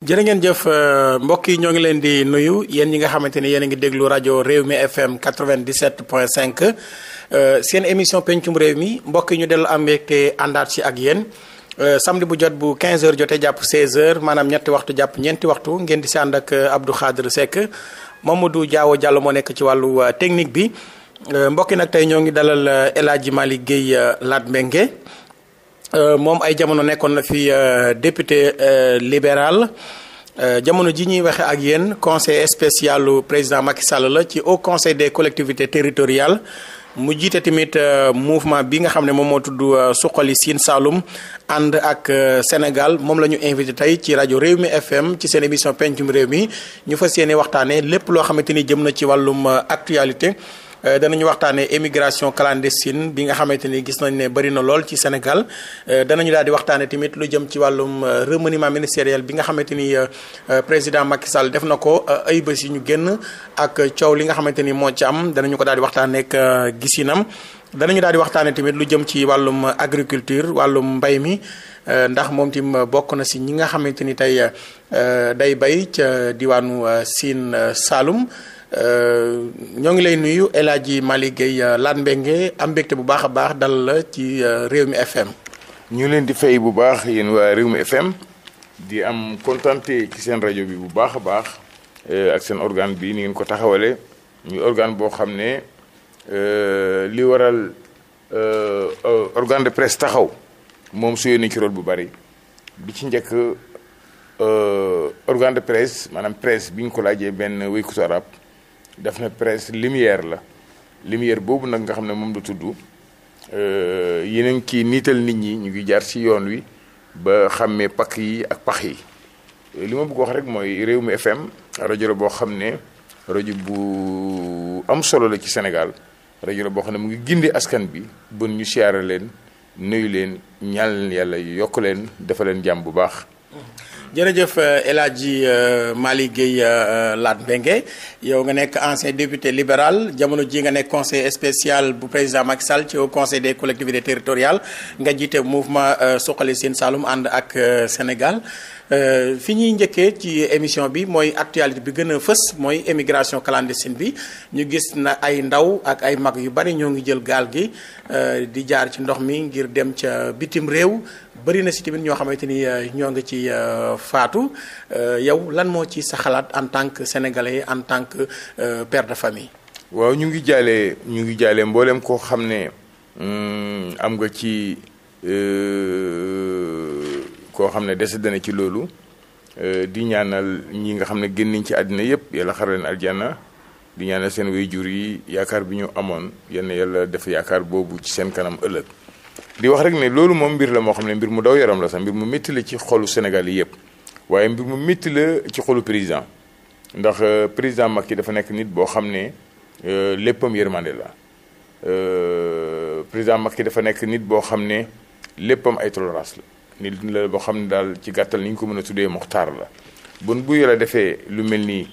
jërë ngeen jëf euh, mbokk yi ñoo ngi leen di nuyu yéen ñi nga xamante ni yéen a ngi déglu rajo réew mi FM 97.5 euh, seen émission pencum réew mi mbokk yi ñu dellu am mbégte àndaat si ak yéen euh, samedi bu jot bu 15h jotee jàpp 16h maanaam ñetti waxtu jàpp ñeenti waxtu ngeen di si ànd ak Abdou moom Seck du Diawo Diallo moo nekk ci wàllu technique bi mbokki nag tey ñoo ngi dalal El Hadji Malick laat Latmingué Euh, moom ay jamono nekkoon na fi euh, député euh, libéral jamono ji ñuy waxe ak yéen conseil spécial président Macky Sall la ci haut conseil des collectivités territoriales mu jiite tamit mouvement bi nga xam ne moom moo tudd suqali siin saalum ànd ak Sénégal moom la ñu invité tey ci rajo réew mi FM ci seen émission pencum réew mi ñu fa yéene waxtaanee lépp loo xamante ni jëm na ci wàllum actualité. Euh, danañu waxtaanee émigration clandestine bi nga xamante ni gis nañ ne bëri na lool ci Sénégal euh, danañu daal di waxtaanee tamit lu jëm ci wàllum euh, remaniement ministériel bi nga xamante ni président Macky Sall def na ko ay bés yi ñu génn ak coow li nga xamante ni moo ci am danañu ko daal di waxtaanee ak gisinam. danañu daal di waxtaanee tamit lu jëm ci wàllum agriculture wàllum mbay mi ndax moom tim bokk na si ñi nga xamante ni tey day bay ca diwaanu Sine Saloum. Euh, ñoo ngi lay nuyu El Hadji Malick Gueye euh, Laan am mbégte bu baax a baax dal la ci euh, réew mi FM. ñu leen di fay bu baax yéen waa réew mi FM di am kontante ci seen rajo bi bu baax a baax ak seen organe bi ni ngeen ko taxawale ñu organe boo xam ne li waral organe de presse taxaw moom su yónnee ci rôle bu bari bi ci njëkk organe de presse maanaam presse bi ñu ko laajee benn wéykatu arab def na presse lumière la lumière boobu nag nga xam ne moom lu la tudd euh, yeneen kii niital nit ñi ñu ngi jaar ci yoon wi ba xàmmee pakk yi ak pax yi euh, li ma bëgg wax rek mooy réew mi FM rajo boo xam ne rajo bu am solo la ci Sénégal rajo boo xam ne mu ngi gindi askan bi bon ñu siyaare leen nuyu leen ñaan leen yàlla yokk leen dafa leen jàmm bu baax jërëjëf euh, El Hadji euh, Malick Gueye euh, Laat Mbengue yow nga nekk ancien député libéral jamono ji nga nekk conseil spécial bu président ak Sall ci au conseil des collectivités territoriales nga jiite mouvement suqali Sine Saloum ànd ak Sénégal. Euh, fi ñuy njëkkee ci émission bi mooy actualité bi gën a fës mooy émigration clandestine bi ñu gis na ay ndaw ak ay mag yu bari ñoo ngi jël gaal gi euh, di jaar ci ndox mi ngir dem ca bitim réew bëri na si tamit ñoo xamante ni euh, ñoo ngi ci faatu yow lan moo ci sa xalaat en tant que sénégalais en tant que père de famille. waaw ñu ngi jaalee ñu ngi jaalee mbooleem koo xam ne mm, am nga ci. koo xam ne décédé na ci loolu euh, di ñaanal ñi nga xam ne génn nañ ci àddina yëpp yàlla xar leen aljana di ñaanal seen waajur yi yaakaar bi ñu amoon yenn yàlla def yaakaar boobu ci seen kanam ëllëg di wax rek ne loolu moom mbir la moo xam ne mbir mu daw yaram la sax mbir mu métti la ci xolu Sénégal yi yëpp waaye mbir mu métti la ci xolu président ndax euh, euh, président Macky dafa nekk nit boo xam ne léppam yërmande la président ki dafa nekk nit boo xam ne léppam ay tolérance ni la boo xam ne daal ci gàttal ni ñu ko mën a tuddee muxtaar la bon bu yàlla defee lu mel nii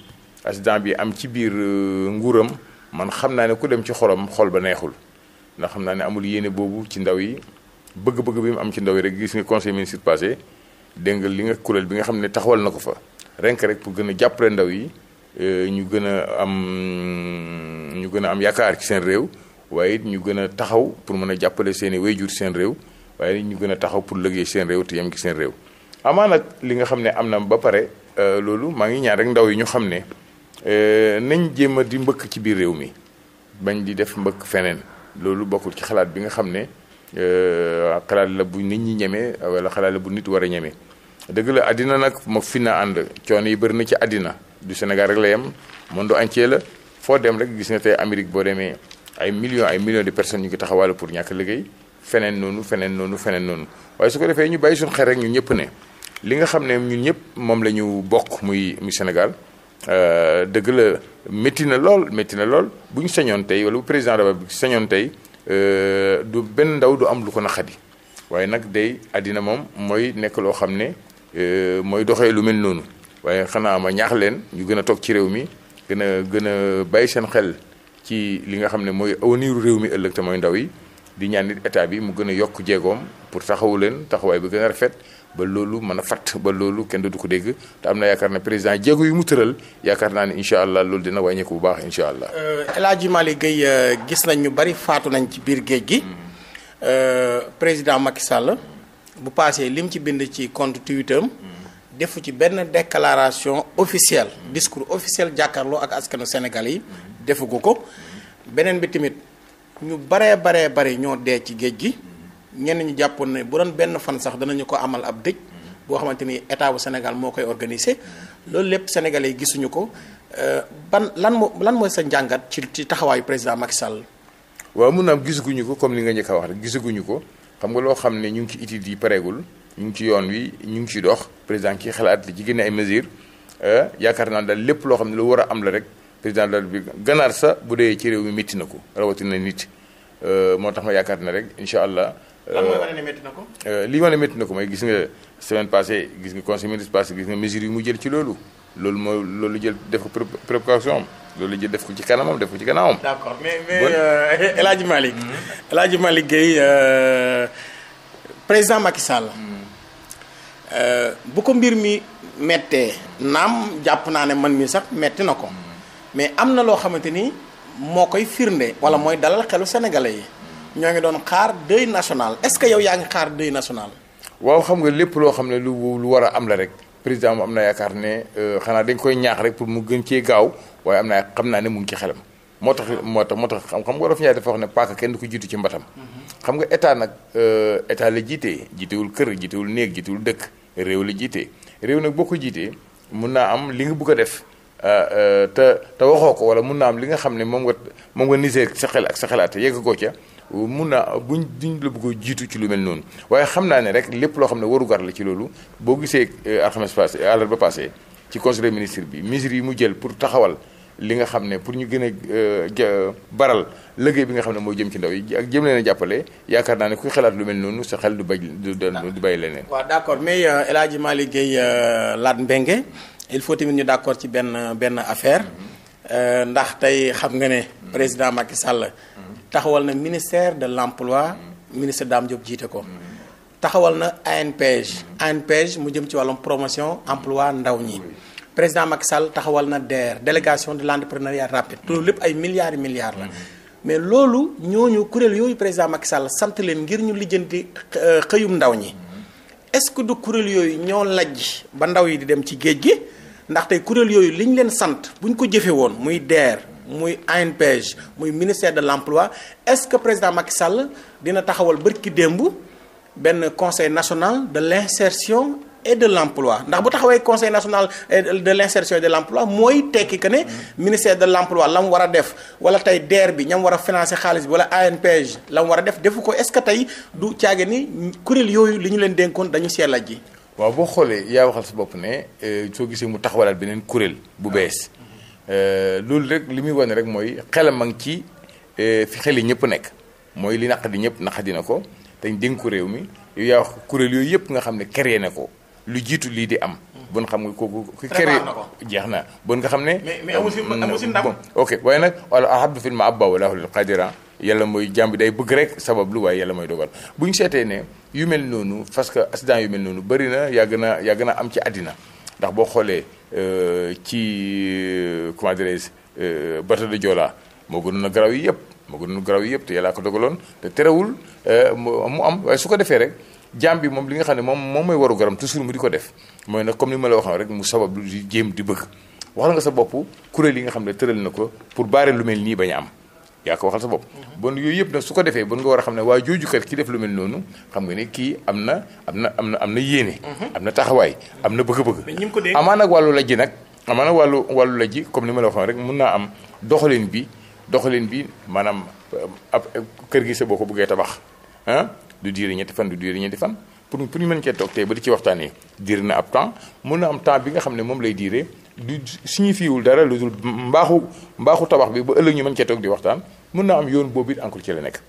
accident bi am ci biir euh, nguuram man xam naa ne ku dem ci xolam xol ba neexul ndax xam naa ne amul yéene boobu ci ndaw yi bëgg-bëgg bi mu am ci ndaw yi rek gis nga conseil ministre passé dégg nga li nga kuréel bi nga xam ne taxawal na ko fa renk rek pour gën a jàppale ndaw yi euh, ñu gën a am ñu gën a am yaakaar ci seen réew waaye it ñu gën a taxaw pour mën a jàppale seen i wayjur seen réew waaye ñu gën a taxaw pour liggéey seen réew te yem ci seen réew. amaa nag li nga xam ne am na ba pare euh, loolu maa ngi ñaan rek ndaw yi ñu xam ne euh, nañ jéem a di mbëkk ci biir réew mi bañ di def mbëkk feneen loolu bokkul ci xalaat bi nga xam ne euh, xalaat la bu nit ñi ñemee wala xalaat la bu nit war a ñemee. dëgg la addina nag ma fi na ànd coon yi bëri na ci àddina du Sénégal rek la yem monde entier la foo dem rek gis nga tey Amérique boo demee ay millions ay millions de personnes ñu ngi taxawal pour ñàkk liggéey feneen noonu feneen noonu feneen noonu waaye su ko defee ñu bàyyi suñu xel rek ñun ñëpp ne li nga xam ne ñu ñëpp moom la ñu bokk muy muy Sénégal euh, dëgg la métti na lool métti na lool bu ñu sañoon tey wala bu président de la République sañoon tey euh, du benn ndaw du am lu ko naqadi waaye nag day àddina moom mooy nekk loo xam ne euh, mooy doxee lu mel noonu waaye xanaa ma ñaax leen ñu gën a toog ci réew mi gën a gën a bàyyi seen xel ci li nga xam ne mooy awniru réew mi ëllëg te mooy ndaw yi. di ñaan nit état bi mu gën a yokk jéegoom pour taxawu leen taxawaay ba gën a rafet ba loolu mën a fatt ba loolu kenn du ko dégg te am na yaakaar ne président jéego yu mu tëral yaakaar naa ne incha allah loolu dina wàññeeku bu baax incha allah. Euh, El Hadj Malick Gueye euh, gis nañ ñu bari faatu nañ ci biir géej gi. Mm. Euh, président Macky Sall bu paasee lim ci bind ci compte Twitter mm. defu ci benn déclaration officielle discours officiel jàkkaarloo ak askanu Sénégal yi mm. defugu ko beneen ñu baree baree bari ñoo dee ci géej gi ñenn ñu jàppoon ne bu doon benn fan sax danañu ko amal ab dëj boo xamante ni état bu Sénégal moo koy organisé loolu lépp sénégalais gisuñu ko euh, ban lan moo lan mooy sa njàngat ci ci taxawaayu président Macky Sall. waaw mun naam gisaguñu ko comme li nga njëkk a wax rek gisaguñu ko xam nga loo xam ne ñu ngi ci études yi pareegul ñu ngi ci yoon wi ñu ngi ciy dox président ki xalaat li jigéen génne ay mesures euh, yaakaar naa daal lépp loo xam ne lu war a am la rek. président de bi ganaar sax bu dee ci réew mi métti na ko rawatina nit euh, moo tax ma yaakaar ne rek incha allah. Euh, lan mooy na ko. Euh, li wane métti na ko may gis nga semaine passée gis nga conseil municipal passé gis nga mesures yi mu jël ci loolu loolu moo loolu jël def ko précaution am loolu jël def ko ci kanamam def ko ci gannaawam. d'accord mais mais El Hadj Malick. Mm-hmm. El Hadj Malick Gueye président Macky mm-hmm. bu ko mbir mi méttee naam jàpp naa ne man mi sax métti na ko. mais am na loo xamante ni moo koy firnde wala mooy dalal xelu sénégalais yi ñoo ngi doon xaar deuil national est-ce que yow yaa ngi xaar deuil national. waaw xam nga lépp loo xam ne lu lu war a am la rek président mu am na yaakaar ne euh, xanaa dañ koy ñaax rek pour mu gën cee gaaw waaye am naa xam naa ne mu ngi ci xelam. moo tax moo tax moo tax xam nga wolof ñaar dafa wax ne paaka kenn du ko jiitu ci mbatam. Mm-hmm. xam nga état nag euh, état la jiite jiitewul kër jiitewul néeg jiitewul dëkk réew la jiite réew nag boo ko jiitee naa am li nga bëgg a def. Euh, euh, te te waxoo ko wala mun naa am li nga xam ne moom nga moom nga nisee sa xel ak sa xalaat yegg ko ca mun naa buñ duñ la bëgg jiitu ci lu mel noonu waaye xam naa ne rek lépp loo xam ne warugar la ci loolu boo gisee euh, alxames passé àllarba passé ci conseil ministre bi mesures yi mu jël pour taxawal li nga xam ne pour ñu gën a baral liggéey bi nga xam ne moo jëm ci ndaw yi ak jëm leen a jàppale yaakaar naa ne kuy xalaat lu mel noonu sa xel du bay du bàyyi leneen. waaw d'accord mais El Hadj Malick Gueye Laat Mbengue il faut tamit ñu d'accord ci benn benn affaire euh, ndax tey xam nga ne président Macky Sall taxawal na ministère de l'emploi ministre Dame Diop jiite ko taxawal na ANPEJ ANPEJ mu jëm ci wàllum promotion emploi ndaw ñi président Macky Sall taxawal na DER délégation de l'entrepreneuriat rapide loolu lépp ay milliards et milliards la mais loolu ñoo ñu kuréel yooyu président Macky Sall sant leen ngir ñu lijjanti euh, xëyum ndaw ñi est-ce que du kuréel yooyu ñoo lajj ba ndaw yi di dem ci géej gi ndaxte kuréel yooyu li ñu leen sant bu ñu ko jëfee woon muy DER muy ANPEJ muy ministère de l'emploi est-ce que président Macky Sall dina taxawal bërki démb benn conseil national de l'insertion et de l'emploi ndax bu taxawee conseil national de l'insertion et de l'emploi mooy tekki que ne ministère de l'emploi la mu war a def wala tey DER bi ñam war a financer xaalis bi wala ANPEJ la mu war def defu ko est-ce que tey du caage ni kuréel yooyu li ñu leen dénkoon dañu seelaj ji waaw boo xoolee yaa waxal si bopp ne euh, soo gisee mu taxawalaat beneen kuréel bu bees euh, loolu rek li muy wane rek mooy xelam a ngi ci euh, fi xel yi ñëpp nekk mooy li naqadi ñëpp naqadi na ko te ñu dénk réew mi yow yaa wax kuréel yooyu yëpp nga xam ne créé ne ko lu jiitu lii di am. bon xam nga kooku. ki créé jeex na bon nga xam ne. mais mais ok waaye nag wala alhamdulilah ma abba wala qadir yàlla mooy jàmm bi day bëgg rek sabab lu waaye yàlla mooy dogal bu ñu seetee ne yu mel noonu parce que accident yu mel noonu bëri na yàgg na yàgg na am ci àddina ndax boo xoolee euh, ci euh, comment dirais-je euh, bateau de Joola moo gënoon a garaw yi yëpp moo gënoon garaw yi yëpp te yàllaa ko dogaloon te terewul mu am waaye su ko defee rek jaam bi moom li nga xam ne moom moom mooy waru garam toujours mu di ko def mooy nag comme ni ma la waxoon rek mu sabab lu di jéem di bëgg wax nga sa bopp kuréel yi nga xam ne tëral na ko pour baare lu mel nii bañ am yaa ko waxal sa bopp bon yooyu yëpp nag su ko defee bon nga war a xam ne waa jooju kat ki def lu mel noonu xam nga ne kii am na am na am na am na yéene mhm. am na taxawaay am na bëgg-bëgg amaa nag wàllu lajji nag amaa nag wàllu wàllu lajji comme ni ma la waxoon rek mun naa am doxaliin bi doxaliin bi maanaam euh, ab kër gi sa boo ko buggee tabax ah du diire ñetti fan du diire ñetti fan pour pour ñu mën cee toog tey ba di ci waxtaanee diir na ab temps mën na am temps bi nga xam ne moom lay diiree du signifie wul dara lu dul mbaaxu mbaaxu tabax bi ba ëllëg ñu mën cee toog di waxtaan mën na am yoon boobu it encore ci la nekk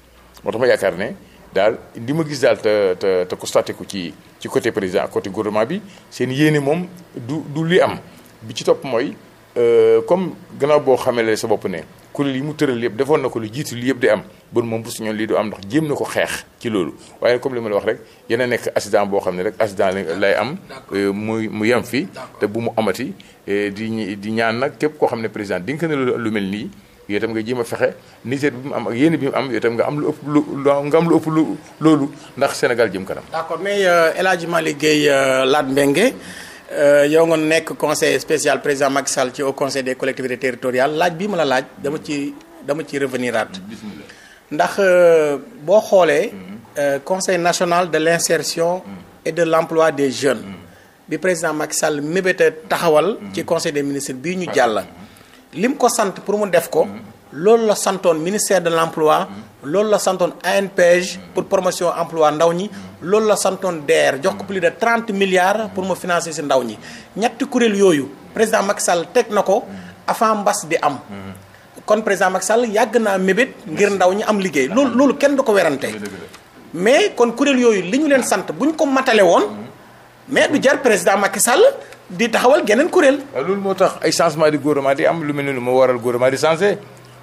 moo tax ma yaakaar ne daal di ma gis daal te te te constaté ci ci côté président ak côté gouvernement bi seen yéene moom du du li am bi ci topp mooy euh, comme gannaaw boo xamee sa bopp ne kuréel yi mu tëral yëpp defoon na ko lu jiitu li yëpp di am bon moom bu suñoon lii du am ndax jéem na ko xeex ci loolu waaye comme li ma wax rek yéen nekk accident boo xam ne rek accident lay am euh, mu yem fii te bu mu amati euh, di di ñaan nag képp koo xam ne président di nga ne lu mel nii yow itam nga jéem a fexe Niger bi mu am ak yéen bi mu am yow itam nga am lu ëpp lu nga am lu ëpp lu loolu ndax Sénégal jëm kanam. d'accord mais euh, El Hadj Laat Mbengue Euh, yow nga nekk conseil spécial président Macky Sall ci au conseil des collectivités territoriales laaj bii ma la laaj dama ci dama ci reveniraat ndax euh, boo xoolee mm-hmm. euh, conseil national de l'insertion mm-hmm. et de l'emploi des jeunes mm-hmm. bi président Macky Sall mébéta taxawal ci conseil des ministres bii ñu jàll lim ko sant pour mu def ko loolu la santoon ministère de l' emploi loolu la santoon ANPEJ pour promotion emploi ndaw ñi loolu la santoon DER jox ko plus de trente milliards pour mu financé si ndaw ñi ñetti kuréel yooyu président Macky Sall teg na ko avant mbas di am kon président Macky Sall yàgg naa mébét ngir ndaw ñi am liggéey loolu kenn du ko werante mais kon kuréel yooyu li ñu leen sant bu ñu ko matale woon mais du jar président Macky Sall di taxawal geneen kuréel. loolu moo tax ay changement di gouvernement di am lu mel ni lu mu waral gouvernement di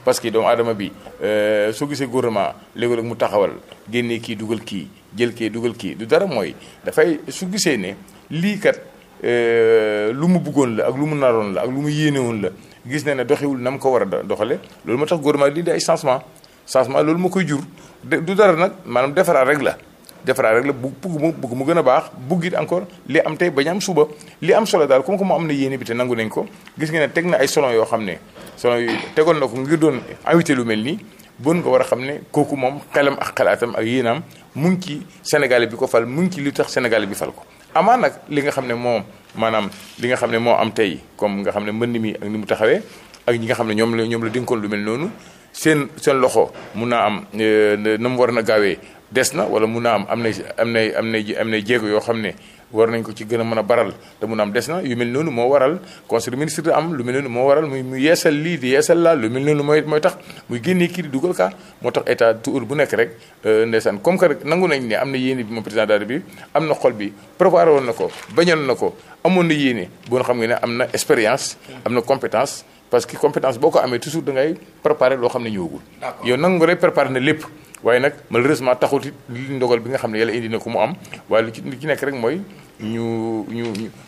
parce que doomu adama bi euh, soo gisee gouvernement léegi mu taxawal génnee kii dugal kii jël kii dugal kii du dara mooy dafay su gisee ne lii kat euh, lu mu buggoon la ak lu mu naroon la ak lu mu yéenewoon la gis na ne doxewul na mu ko war a doxale loolu moo tax gouvernement lii di ay changement changement loolu moo koy jur du dara nag maanaam defaraat rek la defaraat rek la bu bugg mu bugg mu gën a baax bugg it encore li am tey bañ am suba li am solo daal comme que mu am na yéene bi te nangu nañ ko gis nga ne teg na ay solon yoo xam ne solon yu tegoon na ko ngir doon invité lu mel nii bon nga war a xam ne kooku moom xelam ak xalaatam ak yéenaam mu ci Sénégal bi ko fal mu ci li tax Sénégal bi fal ko amaa nag li nga xam ne moom maanaam li nga xam ne moo am tey comme nga xam ne mbënd mi ak ni mu taxawee ak ñi nga xam ne ñoom la ñoom la dénkoon lu mel noonu seen seen loxo mun naa am euh, na mu war na gaawee des na wala mun naa am am nay am nay am nay am yoo xam ne war nañ ko ci gën a mën a baral te mun a am des na yu mel moo waral conseil des ministres am lu mel moo waral muy mu yeesal lii di yeesal laa lu mel noonu mooy mooy tax muy génnee euh, comme que rek nangu nañ ne am na yéene bi moom président daal bi am na xol bi préparé na ko bañoon na ko amoon na xam nga ne am na expérience am na compétence parce que compétence boo ko amee toujours da ngay préparé loo xam ne ñëwagul yow nangu nga rek préparé na lépp waaye nag malheureusement taxut it li ndogal bi nga xam ne yàlla indi na ko mu am waaye lu ci lu ci nekk rek mooy ñu ñu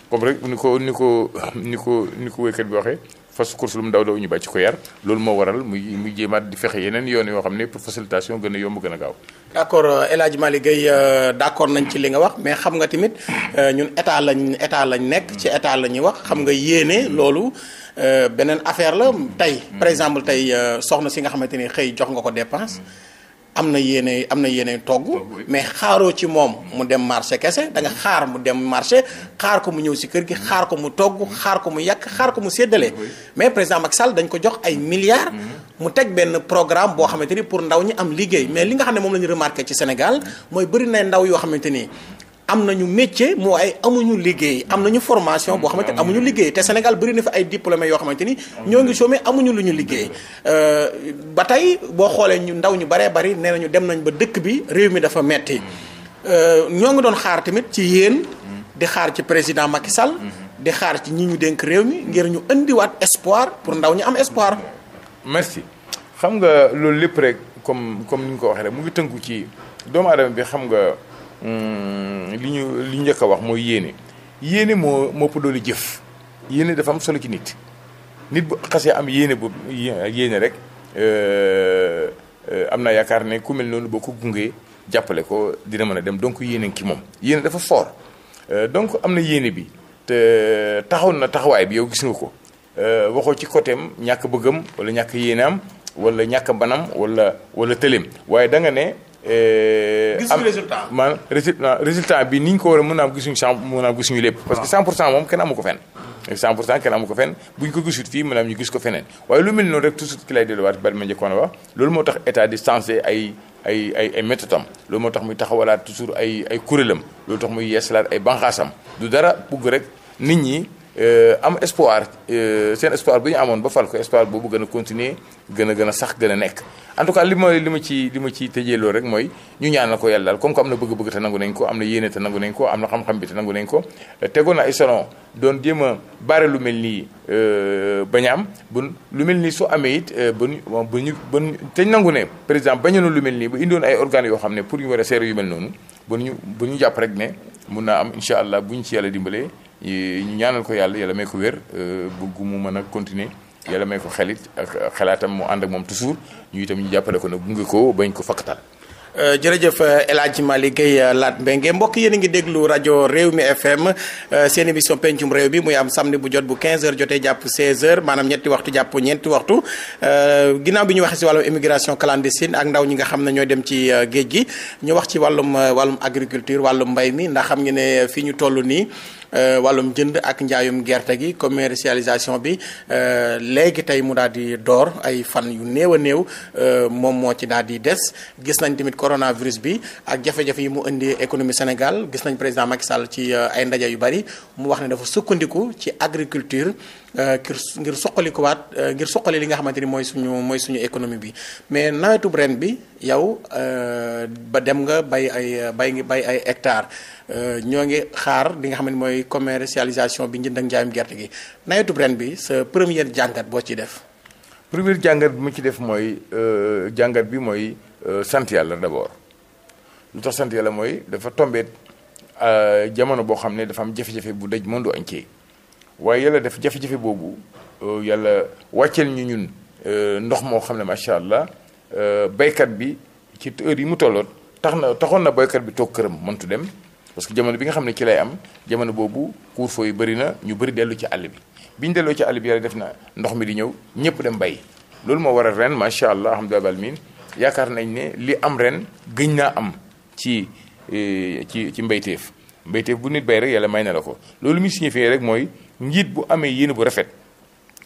comme rek ni ko ni ko ni ko ni ko wéykat bi waxee fas course lu mu ñu bàyyi ko yar loolu moo waral muy muy jéemaat di fexe yeneen yoon yoo xam ne pour facilitation gën a yomb gën a gaaw. d' accord euh, El Hadj Malick euh, d' accord nañ ci li nga wax mais xam nga tamit euh, ñun état lañ état lañ nekk. ci état la ñuy wax xam nga yéene loolu. beneen affaire la tey. par exemple tey soxna si nga xamante ni xëy jox nga ko dépense. am na yéene am na yéene togg mais xaaroo ci moom mu dem marché kese danga xaar mu dem marché xaar ko mu ñëw si kër gi xaar ko mu togg xaar ko mu yàq xaar ko mu séddale mais président Macky Sall dañ ko jox ay milliards mhm. mu teg benn programme boo xamante ni pour ndaw ñi am liggéey mais li nga xam ne moom la ñu remarqué ci Sénégal mhm. mooy bari na ndaw yoo xamante ni am na ñu métier moo ay amuñu liggéey am nañu formation boo xamante ne amuñu liggéey te Sénégal bari na fi ay diplômés yoo xamante ni ñoo ngi chômé amuñu lu ñu liggéey euh, ba tey boo xoolee ñu ndaw ñu baree bari nee nañu dem nañ ba dëkk bi réew mi dafa metti euh, ñoo ngi doon xaar tamit ci yéen di xaar ci président Macky Sall di xaar ci ñi ñu dénk réew mi ngir ñu indiwaat espoir pour ndaw ñi am espoir merci xam nga loolu lépp rek comme comme ni ñu ko waxee rek mu ngi tënku ci doomu bi xam nga li ñu li ñu njëkk a wax mooy yéene yéene moo moo ëpp jëf yéene dafa am solo ci nit nit bu xasee am yéene bu yéene rek euh, euh, am naa yaakaar ne ku mel noonu boo ko gungee jàppale ko dina mën a dem donc yéene ki moom yéene dafa fort euh, donc am na yéene bi te taxaw na taxawaay bi yow gis nga ko waxoo ci côté am ñàkk bëggam wala ñàkk yéene am wala ñàkk banam wala wala tëleem waaye da ne. gisuñu euh, résultat am maanaam résultat résultat bi ni ñu ko war a mën a am gisuñu lépp. parce que 100% moom kenn amu ko kenn amu ko fenn buñ ko gisut fii maanaam ñu gis ko feneen waaye lu mel noonu rek toujours ki lay delluwaat bari ma njëkkoon a loolu moo tax état di sensé ay. ay ay ay méthodam loolu moo tax muy taxawalaat toujours ay ay kuréelam loolu tax muy yeesalaat ay banqaasam du dara bugg rek nit ñi Euh, am espoir euh, seen espoir bu ñu amoon ba fal ko espoir boobu gën a continuer gën a gën a sax gën a nekk en tout cas li ma li ma ci li ma ci tëjee loolu rek mooy ñu ñaan na ko yàlla daal comme que am na bëgg-bëgg te nangu nañ ko am na yéene te nangu nañ ko am na xam-xam te nangu nañ ko euh, tegoon na ay a bare lu mel nii bañ am bu lu mel nii su amee it ba ñu ñu ba te nangu ne par exemple bañu lu mel nii bu indoon ay organes yoo xam ne pour ñu war a seere yu mel noonu ba ñu jàpp rek ne mun naa am incha allah bu ñu ci yàlla dimbalee ñu ñaanal ko yàlla yàlla may ko wér euh, bëgg mu mën a continuer yàlla may ko xelit ak xalaatam mu ànd ak moom toujours ñu itam ñu jàppale ko nag gunge ko bañ ko fakkatal Euh, jërëjëf euh, El Hadj Malick Guèye euh, Laat Mbengue mbokk yéen a ngi déglu rajo réew mi FM seen émission pencum réew bi muy am samedi bu jot bu 15h jotee jàpp 16h maanaam ñetti waxtu jàpp ñeenti waxtu ginnaaw bi ñu waxee si wàllum immigration clandestine ak ndaw ñi nga xam ne ñooy dem ci géej gi ñu wax ci wàllum wàllum agriculture wàllum mbay mi ndax xam nga ne fii ñu toll nii. wàllum jënd ak njaayum gerte gi commercialisation bi léegi tey mu daal di door ay fan yu néew a néew moom moo ci daal di des coronavirus bi ak jafe-jafe yi mu indi économie Sénégal gis nañ président Macky Sall ci euh, ay ndaje yu bari mu wax ne dafa sukkandiku ci agriculture euh, ngir euh, ngir suqalikuwaat ngir suqali li nga xamante ni mooy suñu mooy suñu économie bi mais nawetu ren bi yow ba dem nga bay ay bay ngi bay ay hectares ñoo ngi xaar li nga xam ne mooy commercialisation bi njënd ak njaayum gerte gi nawetub ren bi sa première jàngat boo ci def. première jàngat bi mu ci def mooy jàngat bi mooy. Euh, sant yàlla d'abord lu tax sant yàlla mooy dafa tombé euh, jamono boo xam ne dafa am jafe-jafe bu daj monde entier waaye yàlla def jafe-jafe boobu euh, yàlla wàcceel ñu ñun ndox moo xam ne macha allah baykat bi ci heure yi mu tolloon tax na taxoon na baykat bi toog këram mëntu dem parce que jamono bi nga xam ne ci lay am jamono boobu couvre-feu yi bëri na ñu bëri dellu ci àll bi bi ñu delloo ci àll bi yàlla def na ndox mi di ñëw ñëpp dem bay loolu moo waral ren macha allah alhamdulilah yaakaar nañ ne li am ren gëñ naa am ci eh, ci ci mbayteef mbayteef bu nit bay rek yàlla may na la ko loolu muy signifié rek mooy njiit bu amee yéene bu rafet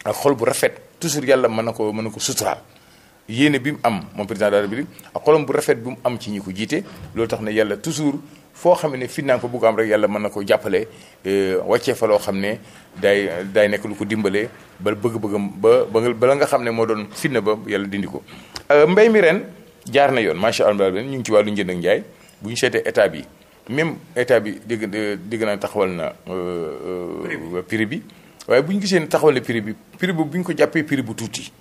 ak xol bu rafet toujours yàlla mën na ko mën na ko suturaal yéene bi mu am moom président de a république ak xolam bu rafet bi mu am ci ñi ko jiite loolu tax na yàlla toujours foo xam ne fitnaa ko bugg am rek yàlla mën na ko jàppale eh, wàccee fa loo xam ne day day nekk lu ko dimbale ba bëgg-bëggam ba bala nga xam ne moo doon fitna ba yàlla dindi ko. Euh, mbay mi ren jaar na yoon macha allah ñu ngi ci wàllu njënd ak njaay seetee état bi même état bi dégg dégg naa taxawal na. Euh, euh, prix bi waaye bu ñu gisee ne taxawal na prix bi prix bu bu ñu ko jàppee prix bu tuuti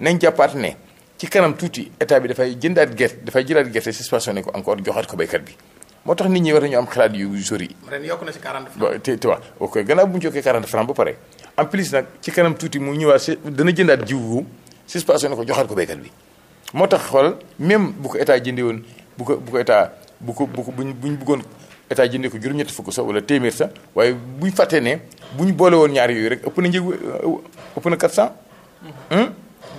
nañ jàppaat ne ci kanam tuuti état bi dafay jëndaat gerte dafay jëlaat gerte suspensionné ko encore joxaat ko baykat bi. moo tax nit ñi war nañu am xalaat yu sori. ren yokk na ci 40 francs. te te waaw ok gannaaw bu ñu yokkee 40 francs ba pare en plus nag ci kanam tuuti mu ñëwaat si dana jëndaat jiw boobu suspension na ko joxaat ko béykat bi. moo tax xool même bu ko état jëndee woon bu ko bu ko bu ko bu bu ñu buggoon état jëndee ko juróom-ñetti fukk sax wala téeméer sax waaye bu ñu fàttee ne bu ñu boole woon ñaar yooyu rek ëpp na njëgu ëpp na 400. Hmm?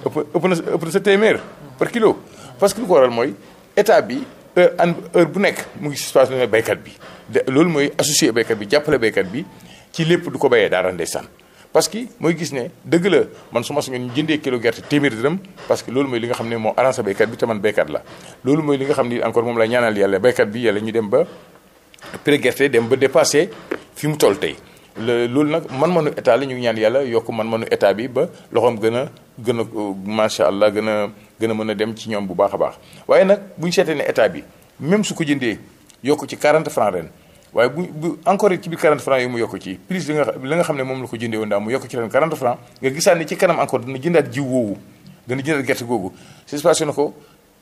ëpp ëpp na ëpp sa téeméer par kilo. parce que lu ko waral mooy état bi. heure an heure bu nekk mu ngi situation baykat bi de loolu mooy associé baykat bi jàppale baykat bi ci lépp du ko bayee dara ndeysaan parce que mooy gis ne dëgg la man su ma sañoon ñu jëndee kilo gerte téeméer dërëm parce que loolu mooy li nga xam ne moo arrangé baykat bi te man baykat la loolu mooy li nga xam ne encore moom la ñaanal yàlla baykat bi yàlla ñu dem ba prix gerte dem ba dépassé fi mu toll tey loolu nag man-manu état la ñu ñaan yàlla yokk man-manu état bi ba loxoom gën a gën a macha allah gën a gën a mën a dem ci ñoom bu baax a baax waaye nag bu ñu seetee ne état bi même su ko jëndee yokk ci quarante francs ren waaye bu bu encore ci biir 40 francs yi mu yokk ci prix li nga li nga xam ne moom la ko jëndee woon daal mu yokk ci ren 40 francs nga gisaat ne ci kanam encore dana jëndaat jiw woowu dana jëndaat gerte googu c'est na ko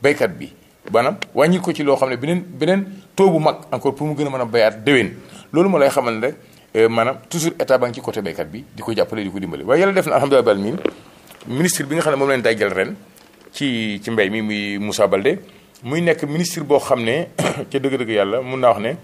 baykat bi maanaam wàññi ko ci loo xam ne beneen beneen taux bu mag encore pour mu gën a mën a bayaat déwén loolu moo lay xamal ne rek eh, maanaam toujours état ba ngi ci côté di ko jàppale di ko dimbale waaye yàlla def ministre bi nga xam ne moom leen day jël ren ci ci mbay mi muy Moussa Baldé muy nekk ministre boo xam ne ca dëgg-dëgg yàlla mun naa wax ne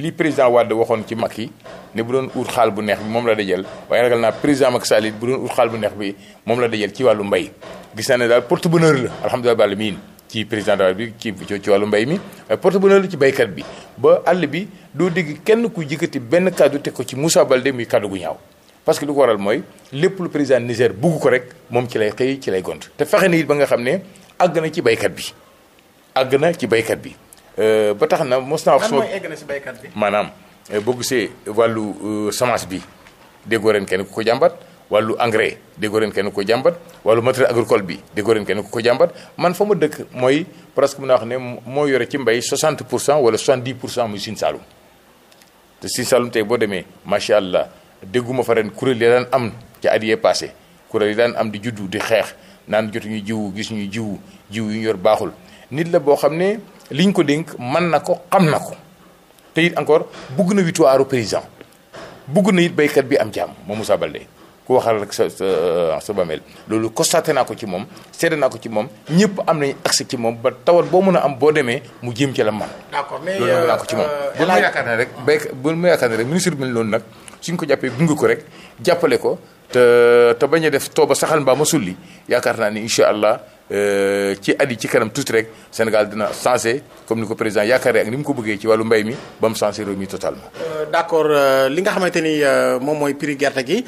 li président Wade waxoon ci Macky ne bu doon ut xaal bu neex moom la dajal waaye ragal naa président Macky Sall bu doon ut xaal bu neex bi moom la dajal ci wàllu mbay gis naa ne daal porte bonheur la alhamdulilah bàll miin ci président de la ci ci wàllu mbay mi porte bonheur la ci baykat bi ba àll bi doo dégg kenn ku yëkkati benn kàddu teg ko ci Moussa Baldé muy kàddu gu ñaaw parce que lu ko waral mooy lépp lu président Niger bugg ko rek moom ci lay xëy ci lay gont te fexe na it ba nga xam ne àgg na ci baykat bi àgg na ci baykat bi euh, ba tax na mos naa wax suma maanaam euh, boo gisee wàllu euh, semence bi déggoo ren kenn ku ko jàmbat wàllu engrais déggoo ren kenn ku ko jàmbat wàllu matériel agricole bi déggoo ren kenn ku ko jàmbat man fa ma dëkk mooy presque mu naa ax ne moo yore ci mbay 60 pour cent wala 70 pour cent muy Sine Saloum te Sine Saloum tey boo demee macha allah. dégguma fa ren kuréel yi daan am ci at yee passé kuréel yi daan am di juddu di xeex naan jotuñu jiw gisuñu jiw jiwu yu ñu yor baaxul nit la boo xam ne liñ ko dénk man na ko xam na ko te it encore bugg na victoire président bugg na it béykat bi am jàmm moom Moussa Baldé ku waxal rek sa sa sa bameel loolu constaté naa ko ci moom seede naa ko ci moom ñëpp am nañu accès ci moom ba tawal boo mën a am boo demee mu jéem ci la man d'accord mais loolu naa ko ci euh, moom euh, ne rek béykat bu mu yaakaar ne ministre bi loolu nag suñ ko jàppee gunge ko rek jàppale ko te te bañ a def tooba saxal mbaa ma sulli yaakaar naa ni incha allah Euh, ci at ci kanam tuuti rek Sénégal dina changé comme ni ko président yaakaaree ak ni mu ko bëggee ci wàllu mbay mi ba mu changé réew mi totalement. Euh, d' euh, li nga xamante ni moom mooy prix gerte gi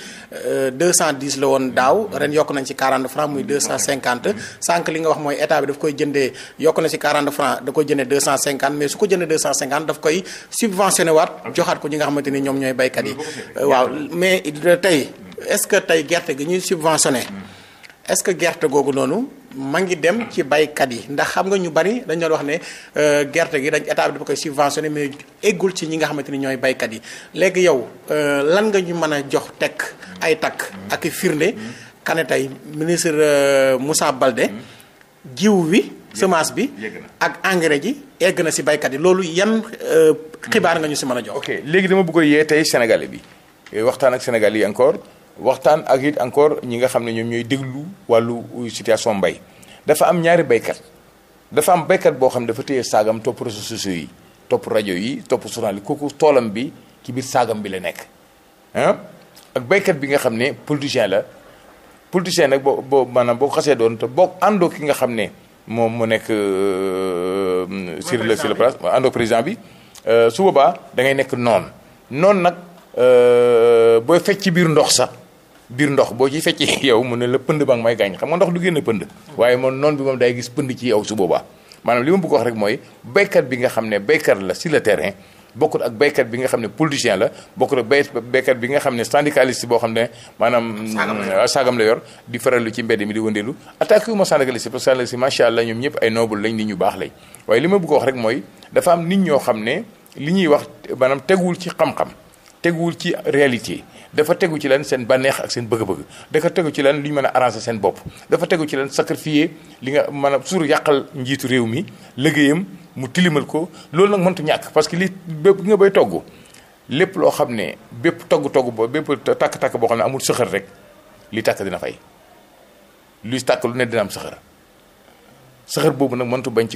210 la woon daaw ren yokk nañ ci 40 francs muy 250 sànq li nga wax mooy état bi daf koy jëndee yokk na ci 40 francs da koy jëndee 250 mais su ko jëndee 250 daf koy subventionné waat joxaat ko ñi nga xamante ni ñoom ñooy baykat yi. waaw mais tey est ce que tey gerte gi ñuy subventionné est ce que gerte googu noonu. ma ngi dem ci baykat yi ndax xam nga ñu bari dañ doon wax ne euh, gerte gi dañ état bi dafa koy subventionné mais eggul ci ñi nga xamante ni ñooy baykat yi léegi yow euh, lan nga ñu mën a jox tek ay takk ak firnde kane tey ministre euh, Moussa Balde jiw wi semence bi ak engrais ji egg na si baykat yi loolu yan xibaar nga ñu si mën a jox ok léegi dama bëgg a yee tey sénégalais bi waxtaan ak sénégalais yi encore waxtaan ak it encore ñi nga xam ne ñoom ñooy déglu wàllu situation mbay dafa am ñaari baykat dafa am baykat boo xam ne dafa téye saagam topp réseaux sociaux yi topp rajo yi topp journal yi kooku toolam bi ci biir saagam bi la nekk ah ak baykat bi nga xam ne politicien la politicien nag boo boo maanaam boo xasee doon te boo àndoo ki nga xam ne moom moo nekk euh, sur le sur le place àndoo président bi euh, su boobaa da ngay nekk noon noonu nag euh, booy fecc ci biir ndox sax biir ndox boo ci feccee yow mu ne la pënd ba nga may gaañ xam nga ndox du génn pënd waaye moom noonu bi moom day gis pënd ci yow su boobaa maanaam li ma bëgg wax rek mooy béykat bi nga xam ne béykat la sur le terrain bokkut ak béykat bi nga xam ne politicien la bokkut ak bay béykat bi nga xam ne syndicaliste boo xam ne maanaam saagam la yor di faralu ci mbedd mi di wëndeelu attaque yu ma syndicaliste parce que syndicaliste macha allah ñoom ñëpp ay noble lañ nit ñu baax lañ waaye li ma bëgg wax rek mooy dafa am nit ñoo xam ne li ñuy wax maanaam teguwul ci xam-xam teguwul ci réalité dafa tegu ci leen seen bànneex ak seen bëgg-bëgg dafa tegu ci leen li ñu mën a arranger seen bopp dafa tegu ci leen sacrifier li nga mën a suur yàqal njiitu réew mi liggéeyam mu tilimal ko loolu nag mëntu ñàkk parce que li bépp nga bay togg lépp loo xam ne bépp togg-togg boo bépp takk takk boo xam ne amul sëxër rek li takk dina fay luy tàkk lu ne dina am saxar boobu nag mëntu bañ eh,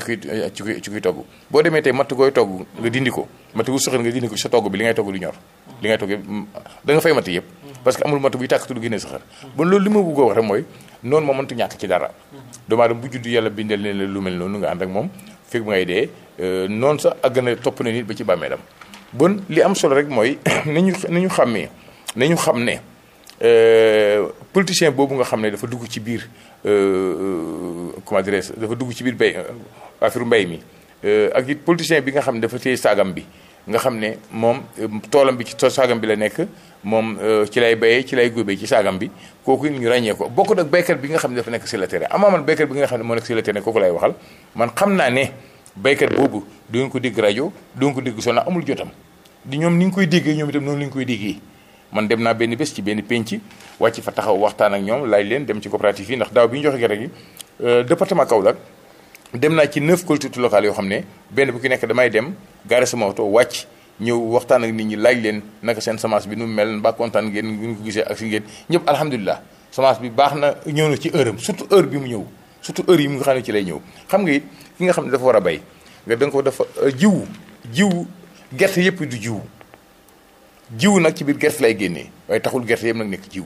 ci kuy ci kuy togg boo demee tey matt gooy togg nga dindi ko matt gu saxar nga dindi ko sa togg bi li ngay togg du ñor li ngay togg mm, da nga fay matt yëpp parce que amul matt buy tàkkatu du génnee saxar bon loolu li ma bëgg a wax rek mooy noonu moo mëntu ñàkk ci dara doomu aadama bu judd yàlla bindal ne la lu mel noonu nga ànd ak moom fekk bu ngay dee euh, noonu sax ak gën topp na nit ba ci bàmmeelam bon li am solo rek mooy nañu nañu xàmmee nañu xam ne Euh, politicien boobu nga xam ne dafa dugg ci biir euh, euh, comment dirais-je dafa dugg ci biir mbay mbay mi ak it politicien bi nga xam ne dafa téye saagam bi nga xam ne moom toolam bi ci saagam bi la nekk moom ci lay béyee ci lay góobee ci saagam bi kooku ñu ràññee ko bokk ak béykat bi nga xam ne dafa nekk sur le terrain amaa man béykat bi nga xam ne moo nekk sur le terrain kooku lay waxal man xam naa ne béykat boobu du ngeen ko dégg rajo du ngeen ko dégg sona amul jotam di ñoom ni ñu koy déggee ñoom itam noonu la ñu koy déggee man dem naa benn bés ci benn penc wàcc fa taxaw waxtaan ak ñoom laaj leen dem ci coopérative yi ndax daaw bi ñu joxe gerte gi euh, département Kaolack dem naa ci neuf collectivités locales yoo xam ne benn bu ki nekk damay dem gaare sama oto wàcc ñëw waxtaan ak nit ñi laaj leen naka seen semence bi nu mel mbaa kontaan ngeen ñu ko gisee ak si ngeen ñëpp alhamdulilah semence bi baax na ñëw na ci heure am surtout heure bi mu ñëw surtout heure yi mu nga xam ne ci lay ñëw xam nga ki nga xam ne dafa war a bay nga da nga ko dafa euh, jiwu gerte yëpp du jiwu jiw nag ci biir gerte lay génnee waaye taxul gerte yëpp nag nekk jiw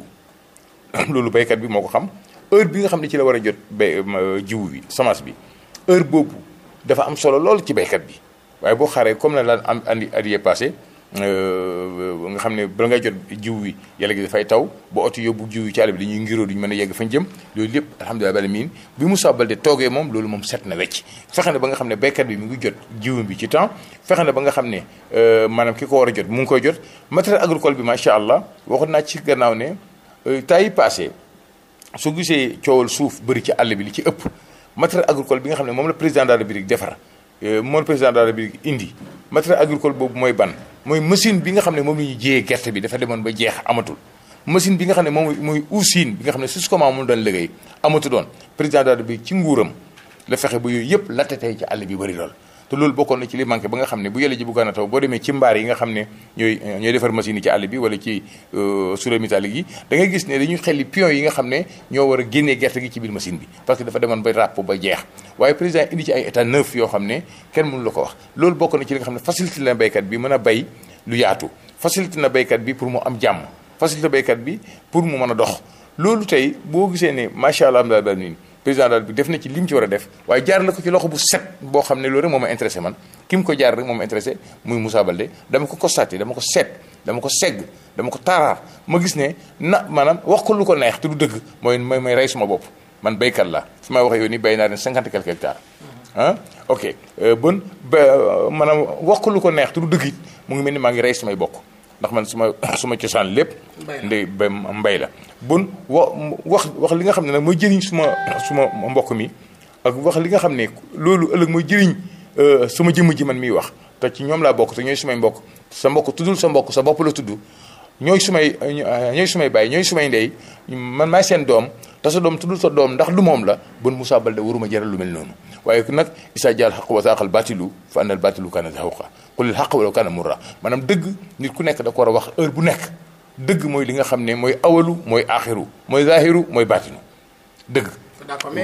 loolu baykat bi moo ko xam heure bi nga xam ne ci la war a jot bay jiw bi semence bi heure boobu dafa am solo lool ci baykat bi waaye boo xaaree comme na daan am indi at yee Euh, nga xam ne bala ngay jot jiw wi yàlla gi dafay taw ba oto yóbbu jiw yi ci àll bi dañuy ngiroo duñu mën a yegg fañ jëm loolu lépp alhamdulilah bala bi Moussa Baldé toogee moom loolu moom set na wecc fexe ba nga xam ne béykat bi mu ngi jot jiwum bi ci temps fexe ba nga xam ne euh, maanaam ki ko war a jot mu ngi koy jot matériel agricole bi macha allah waxoon naa ci gannaaw ne euh, temps yi passé su gisee coowal suuf bari ci àll bi li ci ëpp matériel agricole bi nga xam ne moom la président de la defar Euh, moom président de la république indi matériel agricol boobu mooy ban mooy machine bi nga xam ne moom la ñuy jiyee gerte bi dafa demoon ba jeex amatul machine bi nga xam ne moom mooy usine bi nga xam ne sus comment moom doon liggéey amatu doon président de la ci nguuram la fexe ba yooyu yëpp latte tey ci àll bi bëri lool te loolu bokkoon na ci li manqué ba nga xam ne bu yàlla ji bëggoon a taw boo demee ci mbaar yi nga xam ne ñooy ñooy defar machine yi ci àll bi wala ci euh, sura métallique yi da ngay gis ne dañuy xelli pion yi nga xam ne ñoo war a génnee gerte gi ci biir machine bi parce que dafa demoon bay ràpp ba jeex waaye président indi ci ay état neuf yoo xam ne kenn mënu la ko wax loolu bokk na ci li nga xam ne facilité na béykat bi mën a bay lu yaatu facilité na baykat bi pour mu am jàmm facilité béykat bi pour mu mën a dox loolu tey boo gisee ne macha allah président de bi def na ci li mu ci war a def waaye jaar la ko ci loxo bu set boo xam ne loolu rek moo ma intéressé man ki mu ko jaar rek moo ma intéressé muy Moussa Baldé dama ko constaté dama ko seet dama ko segg dama ko taaraar ma gis ne na maanaam wax ko lu ko neex te du dëgg mooy mooy may rey suma bopp man béykat laa su may waxee yow nii béy naa leen cinquante quelques hectares ah ok euh, bon ba euh, maanaam wax ko lu ko neex te dëgg mu ngi mel ni maa rey sumay bokk ndax man suma suma cosaan lépp ndi ba mbay la bon wa wax wax li nga xam ne nag mooy jëriñ suma suma mbokk mi ak wax li nga xam ne loolu ëllëg mooy jëriñ euh, suma jëmm ji man miy wax te ci ñoom laa bokk te ñooy sumay mbokk sa mbokk tuddul sa mbokk sa bopp la tudd ñooy sumay ñooy sumay bàyyi ñooy sumay ndey man maay seen doom te sa doom tudd sa doom ndax du moom la bon Moussa Balde waruma jaral lu mel noonu waaye nag isa jaal xaq wa saaqal baatilu fa annal baatilu kaana zahuqa qulil xaq walaw kaana murra maanaam dëgg nit ku nekk da ko war a wax heure bu nekk dëgg mooy li nga xam ne mooy awalu mooy aaxiru mooy zaahiru mooy baatinu dëgg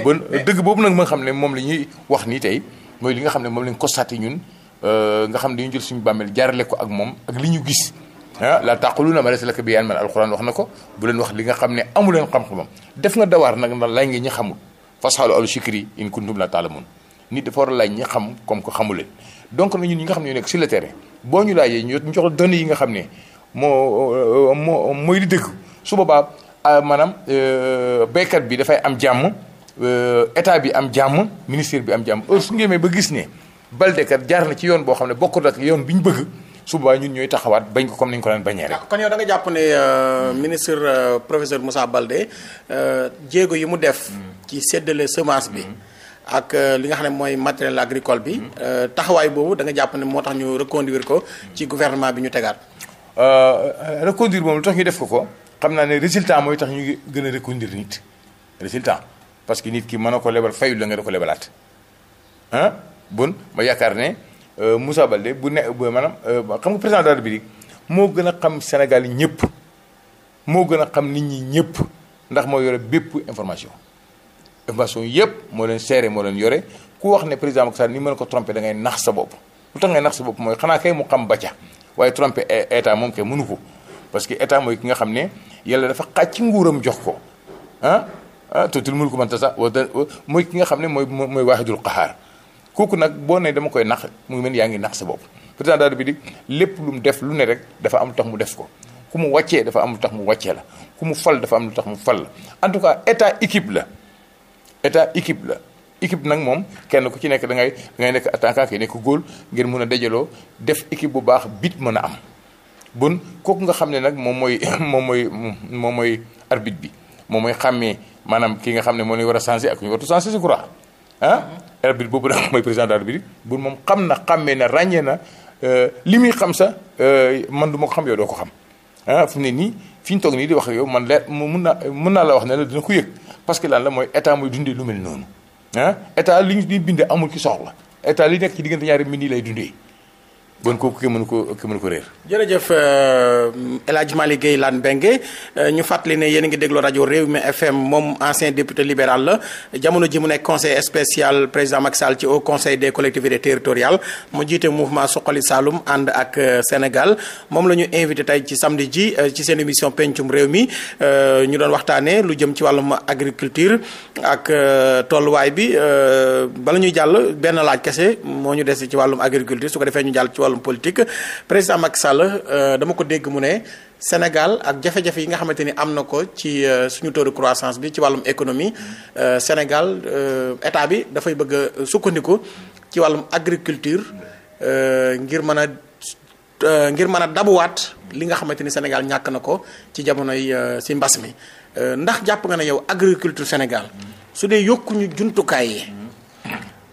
bon dëgg boobu nag ma xam ne moom la ñuy wax nii tey mooy li nga xam ne moom lañ constaté ñun euh, nga xam ne jël suñu bàmmeel jaarale ko ak ak li ñu gis ah laa taquluna ma laysa laka bihi ilmun alquran wax na ko bu leen wax li nga xam ne amu leen xam-xamam def nga dawaar nag na lay ngi ñi xamul fasalu al zikri in kuntum laa ta'lamun nit dafa war a laaj ñi xam comme que xamu leen donc na ñun nga xam ne ñoo nekk le terrain boo ñu laajee ñu jox la données yi xam ne moo moo mooy li dëgg su boobaa ah, maanaam euh, béykat bi dafay am jàmm euh, état bi am jàmm ministère bi am jàmm heure su ngeen ba gis ne baldekat jaar na ci yoon boo xam ne bokkul ak yoon bi ñu bëgg suba boobaa ñun ñooy taxawaat bañ ko comme ni ko daan bañee rek. kon yow da nga jàpp ne euh, ministre euh, professeur Moussa Baldé euh, jéego yi mu def. Mm. ci séddale semence bi. Mm. ak li nga xam ne mooy matériel agricole bi. Mm. taxawaay boobu da nga jàpp ne moo tax ñu reconduire ko ci gouvernement bi ñu tegaat. reconduire moom lu tax ñu def ko ko xam naa ne résultat mooy tax ñu gën a reconduire nit résultat parce que nit ki mën na ko lebal fayul la nga da ko lebalaat ah ma yaakaar ne. Euh, Moussa Baldé bu ne maanaam euh, xam nga président de la moo gën a xam Sénégal yi ñëpp moo gën a xam nit ñi ñëpp ndax moo yore bépp information information yëpp moo leen seere moo leen yore ku wax ne président Macky Sall ni ko trompé da ngay nax sa bopp lu tax ngay nax sa bopp mooy xanaa kay mu xam ba ca waaye trompé état moom kay mënu ko parce que état mooy ki nga xam ne yàlla dafa xàcc ci nguuram jox ko ah ah tuutil ko man tasa mooy ki nga xam ne mooy mooy waaxidul qahaar kooku nag boo nee dama koy nax mu ngi mel yaa ngi nax sa bopp président daal bi di lépp lu mu def lu ne rek dafa am lu tax mu def ko ku mu wàccee dafa am lu tax mu wàccee la ku mu fal dafa am lu tax mu fal la en tout cas état équipe la état équipe la équipe nag moom kenn ku ci nekk da ngay da ngay nekk attaquant ki nekk góol ngir mun a dajaloo def équipe bu baax bit mën a am bon kooku nga xam ne nag moom mooy moom mooy moom mooy arbitre bi moom mooy xàmmee maanaam ki nga xam ne moo war a changé ak ñu wartu changé ah arbitre boobu nag mooy président d'arbitre bu moom xam na xàmmee na ràññee na euh, li muy xam sa euh, man du ma ko xam yow doo ko xam ah fu mu ne nii fi ñu toog nii di wax yow man leer mun naa mun naa la wax ne la dina yëg parce que lan la mooy état mooy dundee lu mel noonu ah? état li ñu bindee amul ki soxla état li nekk ci diggante ñaari mbind yi lay dundee. bon kooku ki ko ki mënu ko réer. jërëjëf euh, El Hadj Malick Guèye Lane Bengue euh, ñu fàttali ne yéen a ngi déglu rajo réew mi FM moom ancien député liberal la jamono ji mu nekk conseil spécial président Macky Sall ci o conseil des collectivités territoriales mu jiite mouvement Suqali saalum ànd ak euh, Sénégal moom la ñu invité tey ci samedi ji ci seen émission pencum réew mi ñu doon waxtaanee lu jëm ci wàllum agriculture ak tolluwaay bi bala ñuy jàll benn laaj kese moo ñu des ci wàllum agriculture su ko defee ñu jàll ci wàllum wàllum politique président Macky Sall euh, dama ko dégg mu ne Sénégal ak jafe-jafe yi nga xamante ni am na ko ci euh, suñu taux de croissance bi ci wàllum économie euh, Sénégal état bi dafay bëgg sukkandiku ci wàllum agriculture ngir mën a ngir mën a dabuwaat li nga xamante ni Sénégal ñàkk na ko ci jamonoy si mbas mi ndax jàpp nga ne yow agriculture Sénégal su dee yokkuñu jumtukaay yi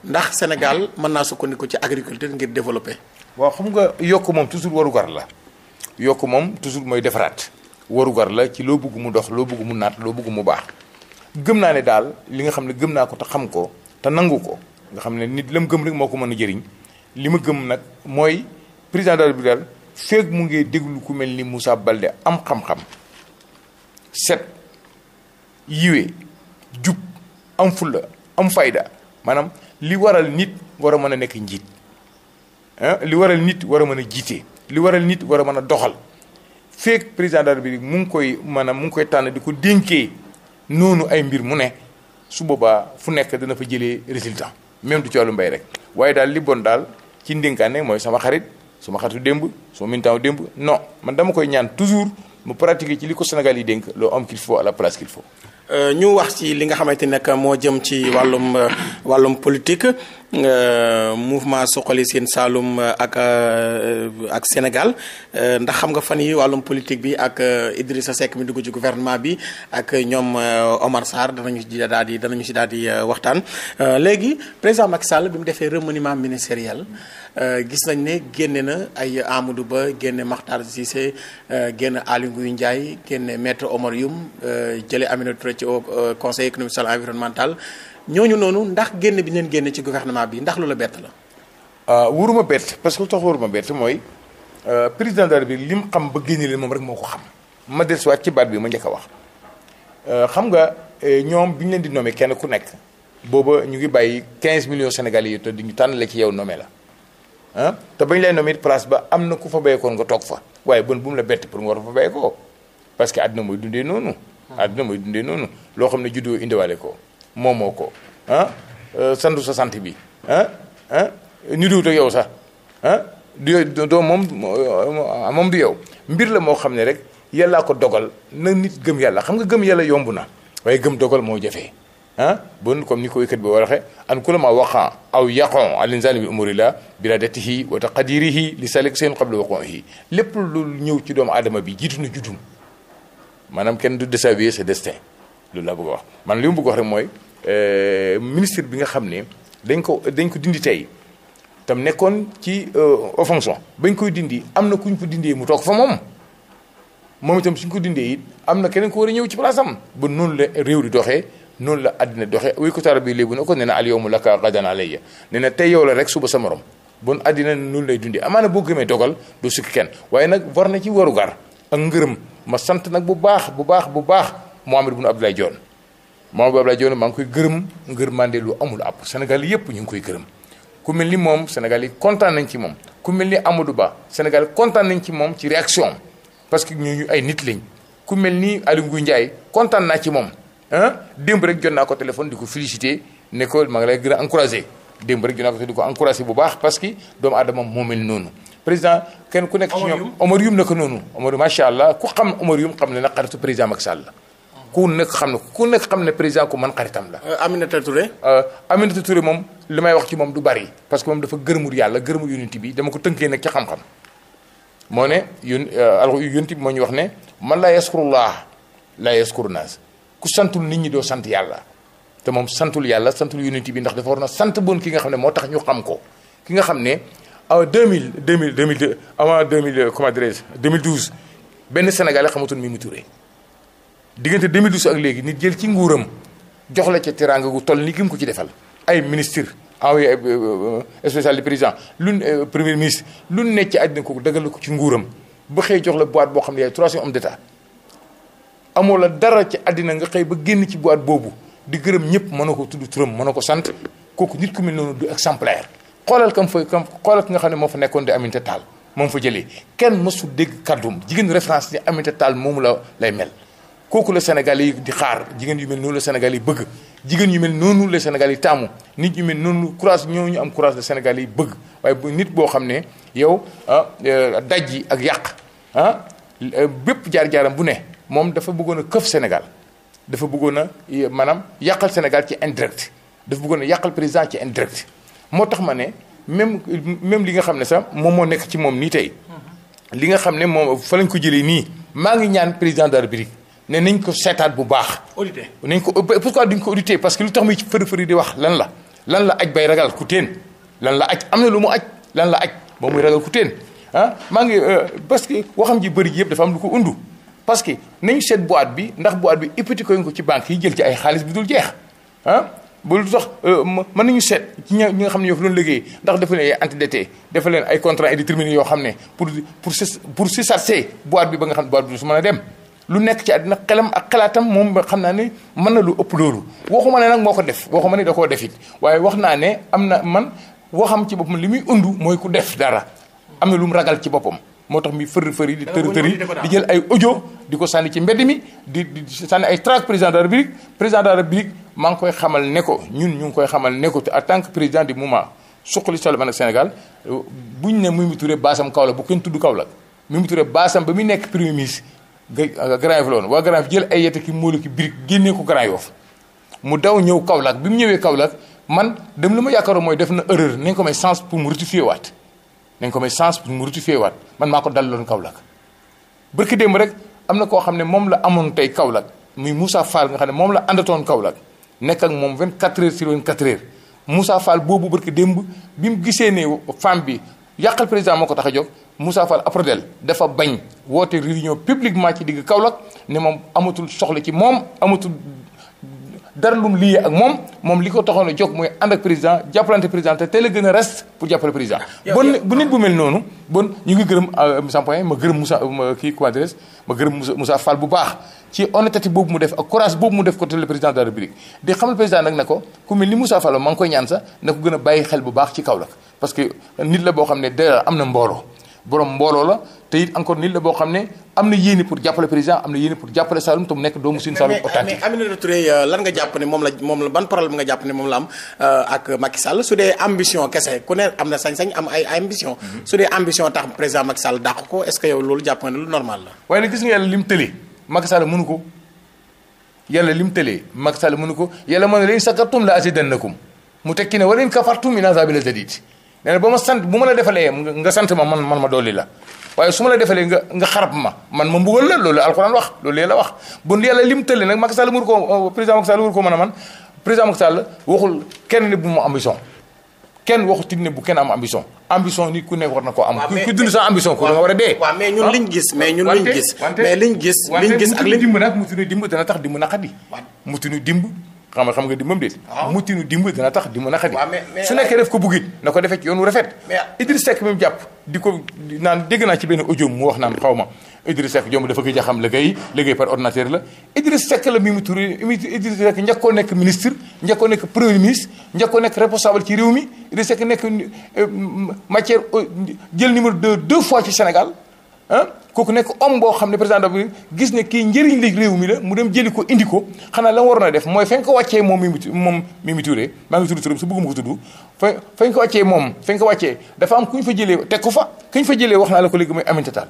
ndax Sénégal mën naa sukkandiku ci agriculture ngir développer. waaw xam nga yokk moom toujours warugar la yokk moom toujours mooy defaraat warugar la ci loo bugg mu dox loo bugg mu naat loo bëgg mu baax gëm naa ne daal li nga xam ne gëm naa ko te xam ko te nangu ko nga xam ne nit la mu gëm rek moo ko mën a jëriñ li ma gëm nag mooy président de la République daal feeg mu ngi déglu ku mel ni Moussa Baldé am xam-xam set yiwee jub am fulla am fayda maanaam li waral nit war a mën a nekk njiit li waral nit war a mën a jiite li waral nit war a mën a doxal feek président de la république mu ngi koy maanaam mu ngi koy tànn di ko dénkee noonu ay mbir mu ne su boobaa fu nekk dana fa jëlee résultat même du ci wàllu mbay rek waaye daal li bon daal ci ndénkaane mooy sama xarit sama xaritu démb sama mintaw démb non man dama koy ñaan toujours mu pratiquer ci li ko Sénégal yi dénk loo am qu'il faut à la place qu'il euh, ñu wax ci li nga xamante ne moo jëm ci wàllum euh, wàllum politique. Euh, mouvement Suxali seen Saalum euh, ak euh, ak Sénégal ndax xam nga fan yi wàllum politique bi ak Idrissa Seck mi dugg ci gouvernement bi ak ñoom Omar Sarr danañu si daal di danañu si daal di waxtaan léegi président Macky Sall bi mu defee remaniement ministériel gis nañ ne génne na ay Amadou Ba génne Makhtar Cissé génne Aly Ngouille Ndiaye génne maître Omar Youm jële Aminata Touré ci au conseil économique environnemental ñooñu noonu ndax génn bi leen génne ci gouvernement bi ndax lu la bett la. Ah, wuruma bett parce que lu tax wuruma bett mooy euh, président de bi lim xam ba génne leen moom rek moo ko xam. ma dellusiwaat ci baat bi ma njëkk a wax euh, xam nga euh, ñoom bi ñu leen di nommé kenn ku nekk. booba ñu ngi bàyyi quinze millions sénégalais yi te di ñu tànnale ci yow nommé la ah te bañ lay nommé it place ba am na ku fa béyekoon nga toog fa waaye bon bu mu la bett pour nga war fa béyekoo parce que àdduna mooy dundee noonu. Hmm. àdduna mooy dundee noonu loo xam ne juddoo indiwaale ko. moom moo ko ah euh, sandu sa sant bi ah ah ñu diwut yow sax ah du doo moom euh, moom du yow mbir la moo xam ne rek yàllaa ko dogal na nit gëm yàlla xam nga gëm yàlla yomb na waaye gëm dogal moo jafee ah bon comme ni ko yëkkat bi waxee an kula ma waqan aw yaqon al insani bi umurillah biradatihi wa taqdirihi li salik seen qabla waqonihi lépp lu ñëw ci doomu aadama bi jiitu na juddum maanaam kenn du désavouer sa destin loolu laa bëgg a wax man li mu bëgg wax rek mooy euh, ministre bi nga xam ne dañ ko dañ ko dindi tey tam nekkoon ci euh, aux fonctions bañ koy dindi am na ku ko dindee mu toog fa moom moom suñ ko dindee am na keneen ko war a ñëw ci place am ba noonu la réew di doxee noonu la àddina doxee wuy ko taara bi léegi na ko nee na al yawmu laka gadan alayya nee na tey yow la rek suba sa morom bon àddina noonu lay dundi amaana boo gëmee dogal doo sukki kenn waaye nag war na ci warugar ak ngërëm ma sant nag bu baax bu baax bu baax Mohamed Boun Abdoulaye Dione Mohamed Boun Abdoulaye Dione maa ngi koy gërëm gër mande lu amul àpp Sénégal yépp ñu ngi koy gërëm ku mel ni moom Sénégal yi kontaan nañ ci moom ku mel ni Amadou Ba Sénégal kontaan nañ ci moom ci réaction parce que ñu ay nit lañ ku mel ni Aliou Ngouille Ndiaye kontaan naa ci moom ah démb rek naa ko téléphone di ko félicité ne ko ma ngi lay gën a encouragé démb rek jot naa ko di ko encouragé bu baax parce que doomu aadama moo mel noonu président kenn ku nekk ñoom Omar noonu Omar macha allah xam ne na xaritu président Macky Sall ku nekk xam ne ku nekk xam ne président ko mën xaritam la. Euh, Aminata Touré. Euh, Aminata Touré moom li may wax ci moom du bari parce que moom dafa gërëmul yàlla gërëmul yonent bi dama ko tënkee nag ci xam-xam. moo ne yón euh, alors yonent bi moo ñu wax ne man laa yaskurullah laa yaskuru naas ku santul nit ñi doo sant yàlla te moom santul yàlla santul yonent bi ndax dafa war na sant bon ki nga xam ne moo tax ñu xam ko ki nga xam ne en mille 2000 2002 avant 2000 comment dirais-je 2012 benn Sénégalais xamatoon Mimi Touré. diggante 2012 ak léegi nit jël ci nguuram jox la ci teraanga gu toll ni ki ko ci defal ay ministre ah envoyé euh, spécial du président lu euh, premier ministre lu nekk ci àddina kooku dëggal ko ci nguuram ba xëy jox la boîte boo xam ne yaay troisième homme d'état amoo la dara ci àddina nga xëy ba génn ci boîte boobu di gërëm ñëpp mën na ko tudd turam mën na ko sant kooku nit ku mel noonu du exemplaire xoolal kam fa kam xoolal ki nga xam ne moo fa nekkoon di Aminata Tall moom fa jëlee kenn mësul dégg kàddum jigéen référence ni Aminata Tall moomu la lay mel kooku la Sénégal yi di xaar jigéen yu mel noonu la Sénégal yi bëgg jigéen yu mel noonu la Sénégal yi tàmm nit yu mel noonu courage ñoo ñu am courage la Sénégal yi bëgg waaye nit boo xam ne yow ah euh, daj yi ak yàq ah euh, bépp jaar-jaaram bu ne moom dafa bëggoon a këf Sénégal dafa bëggoon a euh, maanaam yàqal Sénégal ci indirect dafa bëggoon a yàqal président ci indirect moo tax ma ne même même li nga xam ne sax moom moo nekk ci moom nii tey li nga xam ne moom fa lañ ko jëlee nii maa ngi ñaan président de la République ne nañ ko seetaat bu baax. audité nañ ko pourquoi ko audité parce que lu tax muy fëri fëri di wax lan la lan la aj bay ragal ku teen lan la aj am na lu mu aj lan la aj ba muy ragal ku teen ah maa ngi euh, parce que waxam ji bëri yëpp dafa am lu ko undu parce que nañu seet boîte bi ndax boîte bi hypothéqué ko ci banque yi jël ci ay xaalis bu dul jeex ah ba lu tax mën nañu seet ci ñi nga xam ne yoofu fi doon liggéey ndax dafa leen ay antidété dafa leen ay contrat indéterminé yoo xam ne pour pour pour si sarse boîte bi nga xam ne boîte a dem lu nekk ci àddina xelam ak xalaatam moom xam naa ne mën na lu ëpp loolu waxuma ne nag moo ko def waxuma ne da koo def it waaye wax naa ne am na man waxam ci boppam li muy undu mooy ku def dara am na lu mu ragal ci boppam moo tax muy fëri fëri di tëri tëri di jël ay audio di ko sànni ci mbedd mi di di sànni ay trac président de la république président de la république maa ngi koy xamal ne ko ñun ñu ngi koy xamal ne ko en tant que président du moment suqali Souleymane ak Sénégal euh, buñ ne Mimi Touré baasam Kaolack bu kenn tudd Kaolack Mimi Touré baasam ba muy nekk premier ministre Euh, Grand Yoff la woon waa Grand Yoff jël ay yete ki moolu ki birig génnee ko Grand Yoff mu daw ñëw Kaolack bi mu ñëwee Kaolack man dem li ma yaakaaroon mooy def na erreur nañ ko may sens pour mu rectifier waat nañ ko may sens pour mu rectifier waat man maa ko dalaloon Kaolack bërki démb rek am na koo xam ne moom la amoon tey Kaolack muy Moussa Fall nga xam ne moom la àndatoon Kaolack nekk ak moom 24 heures sur 24 heures Moussa Fall boobu bërki démb bi mu gisee ne femme bi yàqal président moo ko tax a jóg Moussa Fall Aprodel dafa bañ woote réunion publiquement ci digg Kaolack ne moom amatul soxla ci moom amatul dara lum liyee ak moom moom li ko taxoon a jóg mooy ànd ak président jàppalante président gën a reste pour jàppale président. bon bu nit bu mel ñu ngi gërëm euh, Moussa Mpoye ma gërëm Moussa euh, kii comment dirais ma gërëm Moussa bu baax ci honnêteté boobu mu def ak courage mu def côté le président de la République di xamal ko ku mel ni Moussa maa ngi koy ñaan sax na ko gën a bàyyi xel bu baax ci Kaolack parce que nit la boo xam ne dara am na mbooloo. borom mbooloo la te it encore nit la boo xam ne am na yéene pour jàppale président am na yéene pour jàppale Saloum te mu nekk doomu Sine Saloum authentique. mais Aminata Touré euh, lan nga jàpp ne moom la moom la ban problème nga ne moom la am euh, ak Macky Sall su dee kese ku ne am na sañ-sañ am ay ambition. Mhm. su dee ambition tax président Macky Sall dàq ko est-ce que yow loolu jàpp nga ne lu normal la. waaye nag gis nga yàlla lim tëlee Macky Sall mënu ko yàlla ko yàlla moo ne la in shakartum la azidannakum mu tekki ne wala in kafartum inna azabi la shadid nee na ba ma sant bu ma la defalee nga sant ma man man ma dolli la waaye su ma la defalee nga nga xarab ma man ma mbugal la loolu alxuraan wax loolu yàlla wax bu yàlla lim tëlle nag Macky Sall mu ko euh, président Macky Sall bu mu ambition am ambition ambition ku nekk na koo am. a dee. mais ñun ah? liñ gis mais ñun liñ gis. mais liñ gis liñ gis ak liñ dimb dana tax dimb naqadi. mutu nu dimb. xam nga xam nga dimbam ah. déet mutinu dimb dina tax di mën a xadi su nekkee def ko buggit na ko defee ci yoonu rafet ah. Idriss Seck même jàpp di ko naan dégg naa ci benn audio mu wax naan xaw ma Idriss Seck jomb dafa gëj a xam la liggéey par ordinateur la Idriss Seck la mi mu turé Idriss Seck njëkkoo nekk ministre njëkkoo nekk premier ministre njëkkoo nekk responsable ci réew mi Idriss Seck nekk euh, matière euh, jël numéro deux deux fois ci Sénégal ah kooku nekk homme boo xam ne président bi gis ne kii njëriñ li réew mi la mu dem jëli ko indi ko xanaa la mu waroon a def mooy fañ ko wàccee moom Mimi moom Mimi Touré maa ngi tudd turam su bëgguma ko tudd fa fañ wàccee moom fañ ko dafa am ku ñu fa jëlee teg ko fa ku ñu fa jëlee wax naa la ko léegi mooy Aminata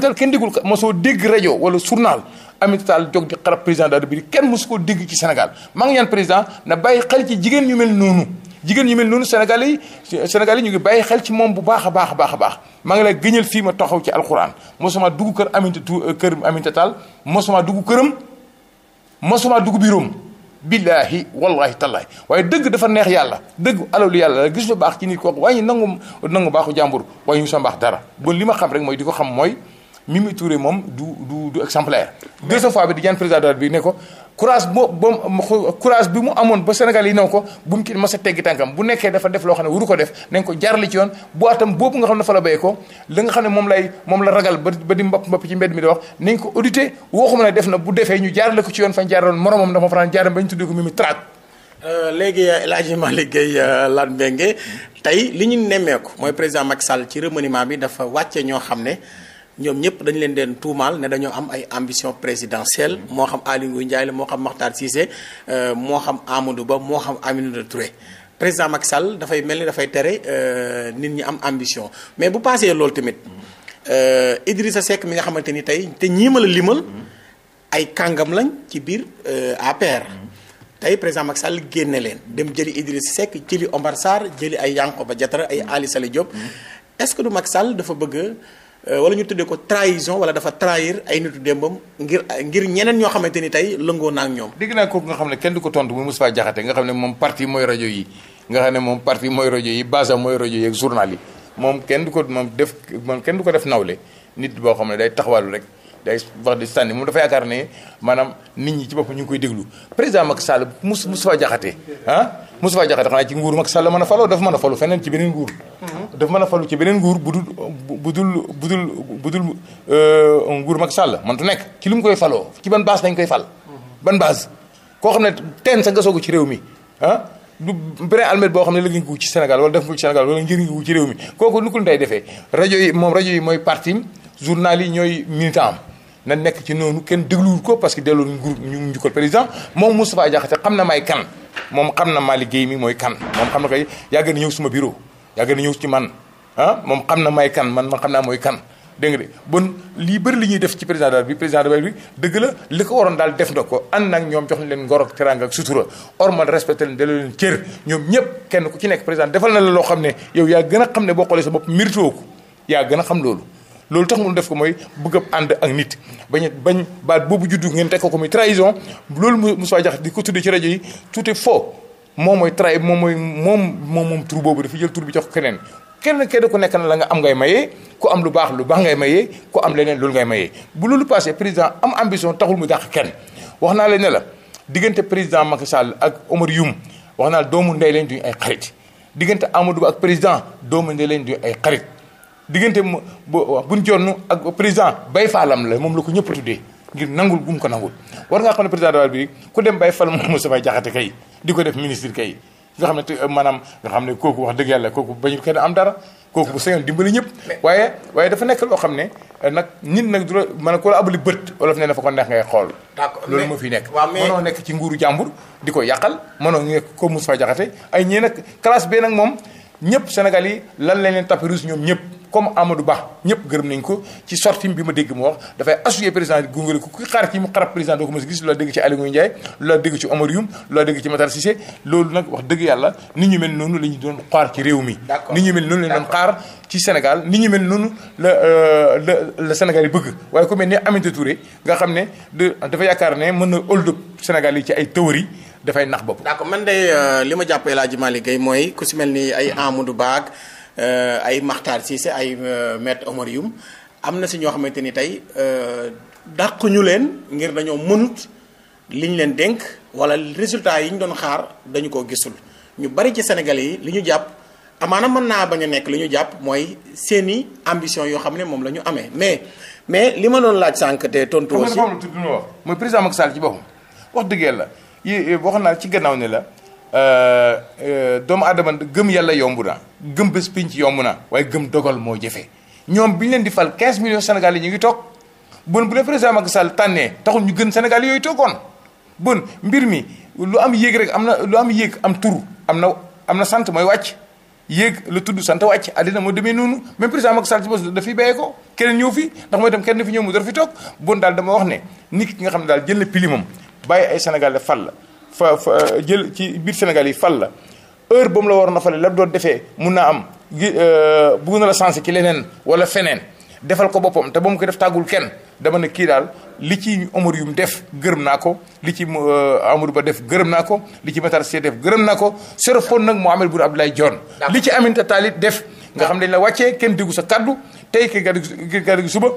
Tall kenn déggul ko mosoo dégg rajo wala journal Aminata Tall jóg di xarab président de la République kenn mosu koo dégg ci Sénégal maa ngi ñaan ñu mel noonu jigéen ñi mel noonu Sénégalais yi Sénégalais yi ñu ngi bàyyi xel ci moom bu baax a baax a baax a maa ngi lay gëñal fii ma taxaw ci alxuraan mosuma dugg kër Aminata tu euh, kër Aminata Tall mosuma dugg këram mosuma dugg biiroom billaahi wallaahi tallaahi waaye dëgg dafa neex yàlla dëgg alalu yàlla la gis lu baax ci nit kooku waaye nangu nangu baaxu jàmbur waaye ñu sa mbaax dara bon li ma xam rek mooy di ko xam mooy Mimi Touré moom du du du exemplaire. deuxième fois bi di ñaan président bi ne ko courage boo boo courage bi mu amoon ba Sénégal yi naw ko bu mu ci mës a teggi tànkam bu nekkee dafa def loo xam ne waru ko def nañ ko jaarale ci yoon bu atam boobu nga xam ne fa la béy ko la nga ne moom lay moom la ragal ba ba di mbapp mbapp ci mbedd mi di wax nañ ko audité waxuma ne def na bu defee ñu jaarale ko ci yoon fañ jaaraloon moromam dafa faral jaaram ba ñu tuddee ko Mimi traag. Euh, léegi euh, El Hadj Malick Gueye euh, Lat Mbengue tey li ñu nemmeeku mooy président Macky Sall ci remaniement bi dafa wàcce ñoo xam ne ñoom ñëpp dañu leen deen tuumaal ne dañoo am ay ambition présidentielle mm-hmm. moo xam Aly Ngouille Ndiaye la moo xam Makhtar Cissé euh, moo xam Amadou Ba moo xam Aminata Touré président Macky Sall dafay mel ni dafay tere euh, nit ñi am ambition mais bu paasee loolu tamit mm-hmm. euh, Idrissa Seck mi nga xamante ni tey te ñii ma la limal mm-hmm. ay kàngam lañ ci biir APR. tey président Macky Sall génne leen dem jëli Idrissa Seck jëli Omar Sarr jëli ay ba Diattara ay Ali Saleh Diop est-ce que du Macky Sall dafa bëgg Euh, wala ñu tuddee ko trahison wala dafa trahir ay nitu démbam ngir ngir ñeneen ñoo xamante ni tey lëngoo naa ak ñoom. dégg naa kooku nga xam ne kenn du ko tontu muy Moustapha Diakhaté nga xam ne moom parti mooy rajo yi nga xam ne moom parti mooy rajo yi base mooy rajo yi ak journal yi moom kenn du ko moom def moom kenn du ko def nawle nit boo xam ne day taxawaalu rek. day wax di sànni moom dafa yaakaar ne maanaam nit ñi ci bopp ñu koy déglu président Macky Sall mus Moustapha Diakhaté ah Moustapha Diakhaté xanaa ci nguur Macky Sall man a faloo dafa mën a falu feneen ci beneen nguur dafa a falu ci beneen nguur bu dul bu dul bu dul bu dul euh, nguur Macky Sall mëntu nekk ci lu mu koy faloo ci ban base dañ koy fal ban baas koo xam ne ten sa nga soogu ci réew mi ah du benn almet boo xam ne liggéey nga ko ci Sénégal wala def nga ko ci Sénégal wala njëriñ nga ko ci réew mi kooku nu ko day defee rajo yi moom rajo yi mooy parti journal yi ñooy militant am na nekk ci noonu kenn dégluwul ko parce que delloo ñu groupe ñu njukkal président moom Moustapha Diakhaté xam na may kan moom xam na Malick Guèye mi mooy kan moom xam na koy yàgg na ñëw suma bureau yàgg na ñëw ci man ah moom xam na may kan man man xam naa mooy kan dégg nga de bon lii bëri li ñuy def ci président bi président de bi dëgg la li ko waroon daal def na ko ànd nag ñoom jox na leen ngoro ak teranga ak sutura ormal respecté leen delloo leen cër ñoom ñëpp kenn ku ci nekk président defal na la loo xam ne yow yaa gën a xam ne boo xoolee sa bopp mérite ko yaa gën a xam loolu loolu tax mu def ko mooy bëgg a ànd ak nit bañ bañ baat boobu juddu ngeen teg ko ko muy trahison loolu mu Moussa Diakhaté di ko tuddee ci rajo yi tout est moom mooy trahi moom mooy moom moom moom tur boobu dafa jël tur bi jox ko keneen kenn kenn ku nekk na la nga am ngay mayee ku am lu baax lu baax ngay mayee ku am leneen loolu ngay mayee bu loolu passé président am ambition taxul mu dàq kenn wax naa leen ne la diggante président Macky Sall ak Omar Youm wax naa doomu ndey leen ay xarit diggante Amadou ak président doomu ndey leen duñu ay xarit diggante mu buñ jonn ak président bay faalam la moom la ko ñëpp tuddee ngir nangul gum ko nangul war ngaa xam ne président de la République ku dem bay faal moom Moustapha Diakhaté kay di ko def ministre kay nga xam ne te maanaam nga xam ne kooku wax dëgg yàlla kooku bañul kenn am dara kooku bu sañoon dimbali ñëpp waaye waaye dafa nekk loo xam ne nag nit nag du la mën a ku la abali bët wolof na fa ko neex ngay xool loolu moo fi nekk mënoo nekk ci nguuru jàmbur di ko yàqal mënoo nekk ko Moustapha Diakhaté ay ñii nag classe bee nag moom ñëpp Sénégal yi lan lañ leen tapis rouge ñoom ñëpp comme Amadou Ba ñëpp gërëm nañ ko ci sortie bi ma dégg mu wax dafay assurer président bi gunge ko ku xaar ci mu xarab président doo ko mos a gis loo dégg ci Aliou Ndiaye loo dégg ci Omar Youm loo dégg ci Matar Cissé loolu nag wax dëgg yàlla nit ñu mel noonu la ñu doon xaar ci réew mi. nit ñu mel noonu la ñu doon xaar ci Sénégal nit ñu mel noonu la euh, la la Sénégal yi bëgg waaye ku mel ni ne Aminata Touré nga xam ne dafa yaakaar ne mën na hold up Sénégal yi ci ay théorie dafay nax bopp. d'accord man de euh, li ma jàppee laaj Hadj Malick mooy ku si mel ni ay Amadou Ba ak euh, ay Makhtar Cissé ay euh, maître Omar Youm am na si ñoo xamante ni tey dàq ñu leen ngir dañoo mënut liñ leen dénk wala résultat yi ñu doon xaar dañu ko gisul ñu bari ci Sénégal yi li ñu jàpp amaana mën naa bañ a nekk li ñu jàpp mooy seeni ambition yoo xam ne moom la ñu amee mais mais li ma doon laaj sànq te tontu aussi. xam nga mooy président Macky Sall ci boppam wax dëgg yàlla yi wax naa ci gannaaw ne la euh, euh, doomu aadama gëm yàlla yomb na gëm bés pinc yomb na waaye gëm dogal moo jefe ñoom bi ñu leen di fal 15 millions Sénégal yi ñu ngi toog bon bu ne président Macky Sall tànnee taxul ñu gën Sénégal yooyu toogoon bon mbir mi lu am yéeg rek am na lu am yéeg am tur am na am na sant mooy wàcc yéeg lu tudd sant wàcc àddina moo demee noonu même président Macky Sall ci bos dafiy bàyyee ko keneen ñëw fi ndax mooy itam kenn fi ñëw mu dor toog bon daal dama wax ne nit ki nga xam ne daal jël na pilimam bàyyi ay sénégalais fal la fa fa jël ci biir sénégal yi fal la heure ba mu la waroon a fale la doon defee mun naa am gi euh, bugg na la sensé ci leneen wala feneen defal ko boppam te ba mu ko def tàggul kenn dama ne kii daal li ci Omar Youm def gërëm naa ko li ci euh, Amadou Ba def gërëm naa ko li ci Matar Sy def gërëm naa ko. Serapone nag Mahammed Boun Abdallah Dionne. li ci Aminata Tall def. nga xam dañ la wàccee kenn déggu sa kaddu tey ki gàddu gi suba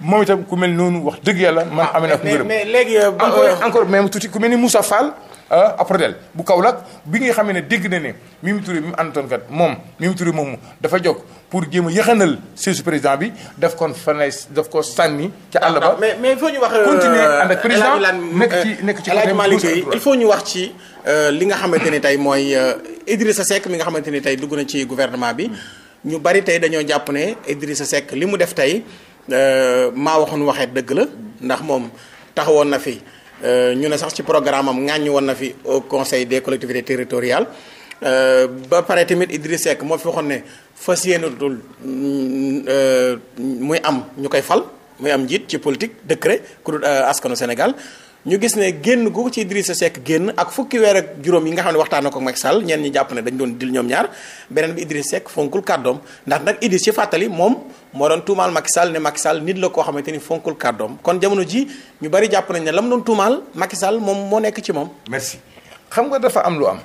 moom itam ku mel noonu wax dëgg yàlla man ah, amee naa ko mais léegi euh, euh, encore même tuuti ku mel ni Moussa Fall aprodel ah, bu Kaolack bi nga xamee ne dégg na ne Mimi Touré mi mu àndatoon kat moom Mimi Touré moomu dafa jóg pour jéem a yëxanal seesu président bi daf kon fanay daf ko sànni ca àll ba ah, mais mais il faut ñu wax euh, continuer ànd ak président nekk ci nekk ci Alaaji Malick il faut ñu wax ci li nga xamante ni tey mooy sa Seck mi nga xamante ni tey dugg na ci gouvernement bi ñu bari tey dañoo jàpp ne Idrissa Seck li mu def tey euh, maa waxoon waxeet dëgg la ndax moom taxawoon na fi euh, ñu ne sax ci programme am ŋàññi woon na fi au conseil des collectivités territoriales euh, ba pare tamit Idrissa Seck moo fi waxoon ne fas yéenatul muy am ñu koy fal muy am njiit ci politique décret ku dul askanu Sénégal ñu gis ne génn gu ci Idrissa sekk génn ak fukki weer ak juróom yi nga xam ne waxtaan na ko Macky Sall ñenn ñi jàpp ne dañ doon dil ñoom ñaar beneen bi Idrissa sekk fonkul kàddoom ndax nag Idriss si fàttali moom moo doon tuumaal Macky Sall ne Sall nit la koo xamante ni fonkul kàddoom kon jamono ji ñu bari jàpp nañ ne la mu doon tuumaal Sall moom moo nekk ci moom. merci xam nga dafa am lu am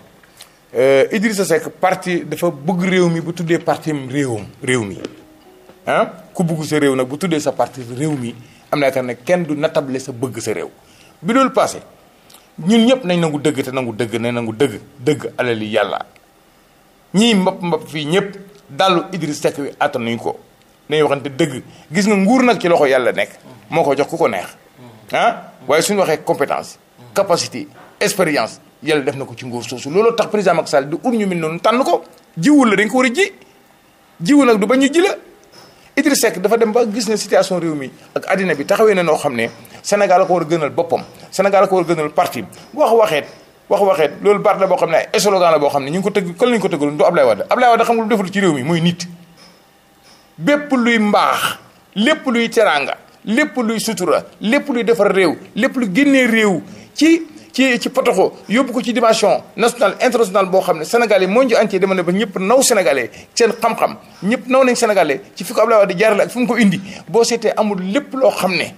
euh, Idrissa Seck parti dafa bëgg réew mi bu tuddee parti réewam réew mi ah ku bëgg sa réew nag bu tuddee sa parti réew mi am na yaakaar ne kenn du natable sa bëgg sa réew. bi dul passé ñun ñëpp nañ nangu dëgg te nangu dëgg nañ nangu dëgg dëgg alali yàlla ñii mbapp mbapp fii ñëpp dallu Idriss Seck wi attanuñ ko nañ waxante dëgg gis nga nguur nag ci loxo yàlla nekk moo ko jox ku ko neex ah waaye suñu waxee compétence capacité expérience yàlla def na ko ci nguur soosu looloo tax président Macky Sall di ut ñu mel noonu tànn ko jiwul la dañ ko war a ji jiwu nag du bañ ñu ji la Idriss dafa dem ba gis ne situation réew mi ak àddina bi taxawee na noo xam ne Sénégal a ko war a gënal boppam Sénégal a ko war a gënal parti wax waxeet wax waxeet loolu baat la boo xam ne ay slogan la boo xam ne ñu ngi ko tëgg kël lañu ko tëggal du Ablaye Wade Ablaye Wade xam nga lu deful luy mbaax lépp luy lépp luy sutura lépp luy defar réew lépp lu génnee réew ci ci ci potoxo yóbbu ko ci dimension nationale internationale boo xam ne sénégalais moo ñu entier dama ne ba ñëpp naw sénégalais seen xam-xam ñëpp naw nañ sénégalais ci fi ko Ablaye Wade jaarale ak fi mu ko indi boo seetee amul lépp loo xam ne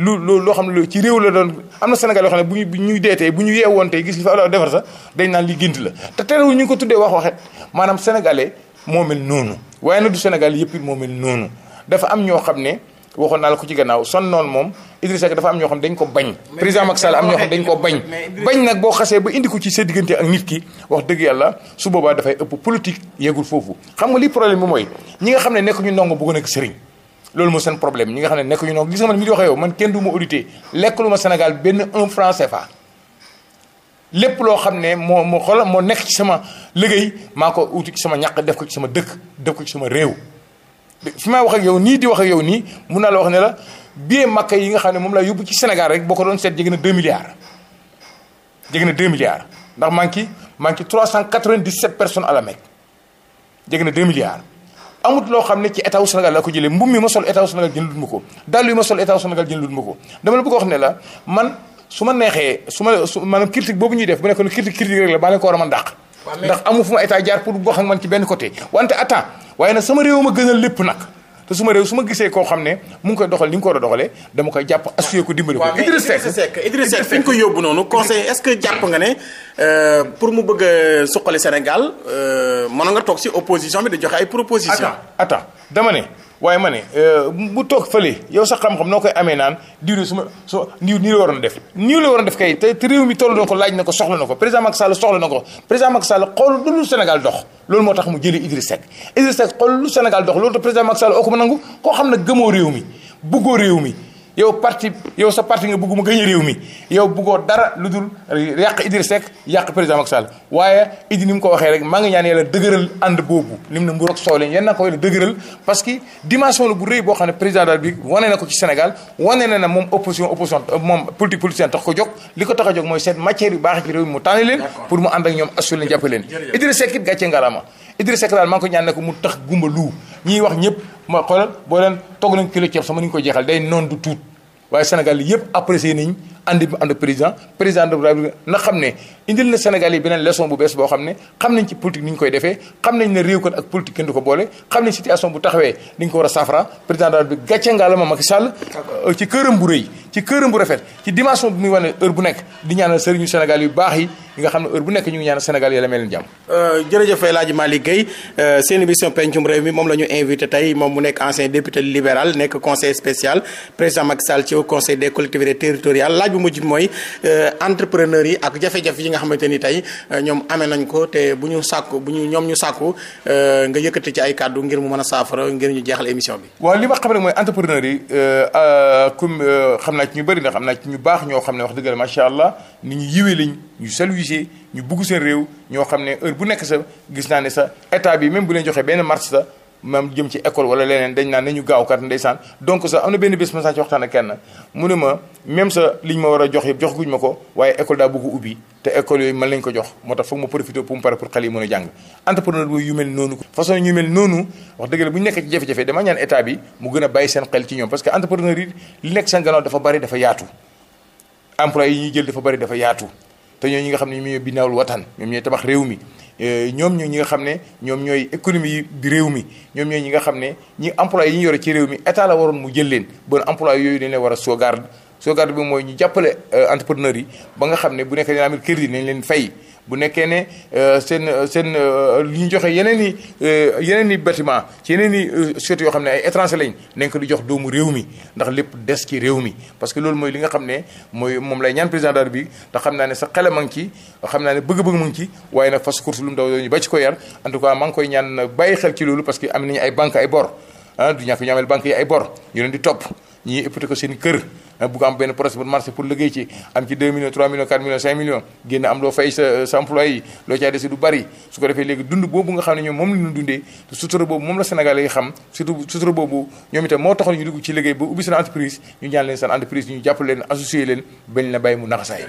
lu lu loo xam ne ci réew la doon am na Sénégal yoo xam ne bu ñu bu ñuy deetee bu ñu yeewoon tey gis li fa defar sax dañ naan li gént la te terewul ñu ngi ko tuddee wax waxe maanaam sénégalais moo mel noonu waaye nag du Sénégal yëpp it moo noonu dafa am ñoo xam ne waxoon naa la ko ci gannaaw son noonu moom Idrissa Seck dafa am ñoo xam dañ ko bañ président Macky Sall am ñoo xam dañ ko bañ bañ nag boo xasee ba indi ko ci sa diggante ak nit ki wax dëgg yàlla su boobaa dafay ëpp politique yeegul foofu xam nga li problème bi ñi nga xam ne nekk ñu ndongo bëggoon ak sëriñ loolu moo seen problème ñi nga xam ne nekk ñu noonu gis nga man di waxee yow man kenn du ma audité lekk lu ma Sénégal benn un franc CFA lépp loo xam ne moo moo xoolal moo nekk ci sama liggéey maa ko uti ci sama ñaq def ko ci sama dëkk def ko ci sama réew fi may wax ak yow nii di wax ak yow nii mun naa la wax ne la billet Makka yi nga xam ne moom laa yóbbu ci Sénégal rek boo ko doon seet jege na 2 milliards jege na 2 milliards ndax maa ngi ci maa ngi ci 397 personnes à la Mecque jege na 2 milliards amut loo xam ne ci état wu Sénégal laa ko jëlee mbubb mi ma sol état wu Sénégal jëndul ma ko dàll ma sol état wu Sénégal jëndul ma ko dama la bëgg wax ne la man su ma neexee su ma su maanaam critique boobu ñuy def bu nekkoon critique critique rek la maa ko war a mën dàq ndax amu fu ma état jaar pour wax xam man ci benn côté wante attends waaye nag sama réew ma gënal lépp nag su ma réew su ma gisee koo xam ne mu ngi koy doxal li nga ko war doxalee dama koy jàpp assuré ko dimbali ko. Idrissa Seck Idrissa Seck fi ñu ko yóbbu noonu conseil est-ce que jàpp nga ne euh, pour mu bëgg a suqali Sénégal euh, mën nga toog si opposition bi di joxe ay propositions. attends attends dama ne. waaye ma ne euh, bu toog fële yow sa xam-xam noo koy amee naan diw su ma su nii nii la waroon a def nii la waroon a def kay te réew mi toll na ko laaj na ko soxla na ko président Macky Sall soxla na ko président Macky Sall xool lu Sénégal dox loolu moo tax mu jëlee Idriss Seck Idriss Seck xool lu Sénégal dox loolu te président Macky Sall oo ko ma nangu koo xam na gëmoo réew mi bëggoo réew mi yow parti yow sa parti nga bëgg mu réew mi yow bëggoo dara lu dul yàq Idriss Seck yàq président Macky Sall waaye Idi ni waxee rek maa ngi ñaan yàlla dëgëral ànd boobu lim na boo xam ne président daal bi wane na ko euh, li ko tax a jóg mooy seet matière yu baax ci réew mi mu tànn leen pour mu ànd ñaan ne ko mu tax gumba luu ñiy wax ñëpp ma xoolal boo leen togg nañ kilo ceeb sama ni ñu ko jeexal day noon du tuut waaye Sénégal yëpp apprécié nañ ànd bi ànd président président de la République na xam ne indil na Sénégal yi beneen leçon bu bees boo xam ne xam nañ ci politique ni ñu koy defee xam ne réew ko war a saafara président de la République gàcce nga la ma Macky Sall euh, ci këram bu rëy ci këram bu rafet ci dimension bi muy wane heure bu nekk di ñaanal Sénégal yu baax nga xam ne heure bu nekk ñu ngi Sénégal yàlla may leen jàmm euh, jërëjëf El Hadj Malick Gueye euh, seen émission pencum réew mi moom la ñu tey moom mu nekk ancien député libéral nekk bu mujj mooy euh, entrepreneur yi ak jafe-jafe yi nga xamante ni tey euh, ñoom amee nañ ko te bu ñu sàkku bu ñu ñoom ñu sàkku euh, nga yëkkati ci ay kàddu ngir mu mën a saafara ngir ñu jeexal émission bi. waaw li ma xam ne mooy entrepreneur yi comme xam naa ci ñu bëri na xam naa ci ñu baax ñoo xam ne wax dëgg la macha allah ni ñu yiwee lañ ñu saluer ñu bugg seen réew ñoo xam ne heure bu nekk sa gis naa ne sa état bi même bu leen joxee benn marché sa maam jëm ci école wala leneen dañ naan nañu gaaw kat ndeysaan donc sax am na benn bés ma sax ci waxtaan ak kenn mu ne ma même sa liñ ma war a jox yëpp jox guñ ma ko waaye école daa bëgg ubbi te école yooyu mën lañ ko jox moo tax foog ma profité pour mu pare pour xale yi mën a jàng entrepreneur boobu yu mel noonu façon ñu mel noonu wax dëgg la bu ñu nekkee ci jafe-jafe dama ñaan état bi mu gën a bàyyi seen xel ci ñoom parce que entrepreneur yi li nekk seen gannaaw dafa yaatu emploi yi ñuy jël dafa bari dafa yaatu te ñoo ñi nga xam ne ñoom ñooy binaawul ñoom ñooy tabax réew mi euh, ñoom ñoo ñi nga xam ne ñoom ñooy économie bi réew mi ñoom ñooy ñi nga xam ne ñi employé yi ñu yore ci réew mi état la waroon mu jël leen bon employé yooyu dañ leen war a sauvegarde sauvegarde bi mooy ñu jàppale euh, entrepreneur yi ba nga xam ne bu nekk dina am crédit nañ leen fay bu nekkee ne euh, seen euh, seen euh, li ñu joxe yeneen i yeneen i bâtiment ci yeneen i sociétés yoo xam ne ay étranger lañ nañ lu jox doomu réew mi ndax lépp des ci réew mi parce que loolu mooy li nga xam ne mooy moom lay ñaan président daal bi te xam naa ne sa xelam ci xam naa ne bëgg-bëgg mu ci waaye nag fas course lu mu daw ñu ba ci ko yar en tout cas maa ngi koy ñaan bàyyi xel ci loolu parce que am nañu ay banque ay bor ah ñu amel banque yi ay bor ñu leen di topp ñii hypothéquer seen kër bugg am benn projet bu marché pour liggéey ci am ci 2 millions 3 millions 4 millions génn am loo fay sa sa employé yi loo caa dese du bari su ko defee léegi dund boobu nga xam ne ñoom moom la ñu dundee sutura boobu moom la Sénégalais yi xam surtout sutura boobu ñoom itam moo taxoon ñu dugg ci liggéey ba ubbi seen entreprise ñu ñaan leen seen entreprise ñu jàppale leen associé leen bañ la bàyyi mu naxasaay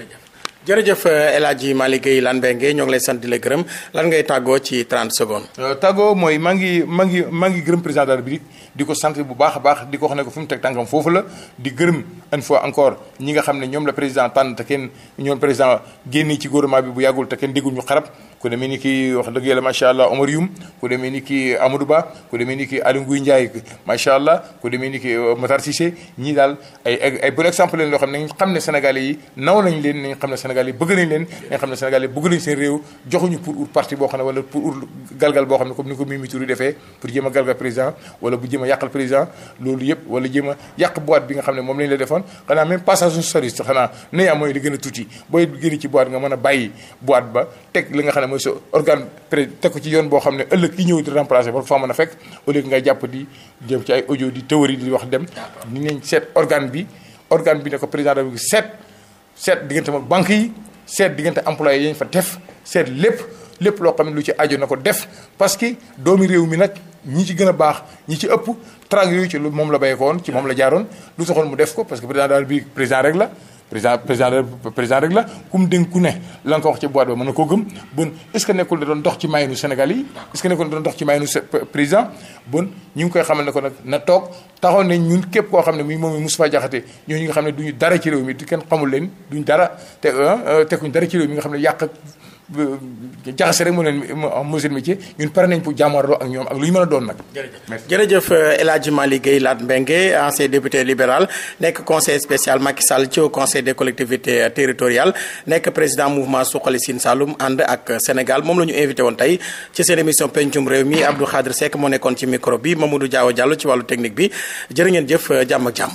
jërëjëf eh, El Hadji Malick Gueye Lane Mbengue ñoo ngi lay sant di la gërëm lan ngay tàggoo ci 30 secondes. Euh, tàggoo mooy maa ngi maa ngi maa ngi gërëm président de bi di ko sant bu baax a baax di ko wax ne ko fi mu teg tànkam foofu la di gërëm une fois encore ñi nga xam ne ñoom la président tànn te kenn ñoom président génne ci gouvernement bi bu yàggul te kenn déggul ñu xarab. ku demee ni ki wax dëgg yàlla macha allah Omar Youm ku demee ni ki Ba ku demee ni ki Aliou Ngouye Ndiaye allah ku demee ni ki euh, Matar Cissé ñii daal ay ay exemple loo xam ne nañ xam ne Sénégalais yi naw nañ leen nañ xam ne Sénégalais yi bëgg nañ leen nañ xam ne Sénégalais yi bëgg nañ seen réew joxuñu pour ut boo xam ne wala pour galgal boo xam ne comme ni ko Mimi Touré defee pour jéem a galgal président wala bu yàqal président loolu yëpp wala jéem a mooy sa organe pré teg ko ci yoon boo xam ne ëllëg ki ñëw di remplacer ba faa mën a fekk au lieu que ngay jàpp di jëm ci ay audio di théorie di wax dem. ni nañ seet organe bi organ bi ne ko président de seet seet diggante ak banque yi seet diggante employé yi ñu fa def seet lépp lépp loo xam ne lu ci aju na ko def parce que doomi réew mi nag ñi ci gën a baax ñi ci ëpp traag yooyu ci moom la béy ko woon ci moom la jaaroon lu taxoon mu def ko que président président rek la. président président président rek la ku mu dénk ku ne la nga ko wax ci boîte ba mën na koo gëm bon est nekkul da doon dox ci mayenu Sénégal yi est-ce que nekkul doon dox ci mayenu président bon ñu ngi koy xamal ne ko nag na toog taxaw ne ñun képp koo xam ne muy moom Moustapha Diakhaté ñooñu nga xam ne duñu dara ci réew mi te kenn xamul leen duñu dara te euh, tekkuñ dara ci réew mi nga xam ne yàq jaxase rek moo leen moo seen métier ñun pare nañ pour jàmmarloo ak ñoom ak lu ñu mën a doon nag. jërëjëf jërëjëf euh, El Hadj Malick Guèye Laat Mbengue ancien député libéral nekk conseil spécial Macky Sall ci conseil des collectivités euh, territoriales nekk président mouvement Suxali Sine saalum ànd ak euh, Sénégal moom la ñu invité woon tey ci seen émission pencum réew mi Abdou Khadre Seck moo nekkoon ci micro bi Mamadou Diaw jàll ci wàllu technique bi jërë ngeen jëf jàmm ak jàmm.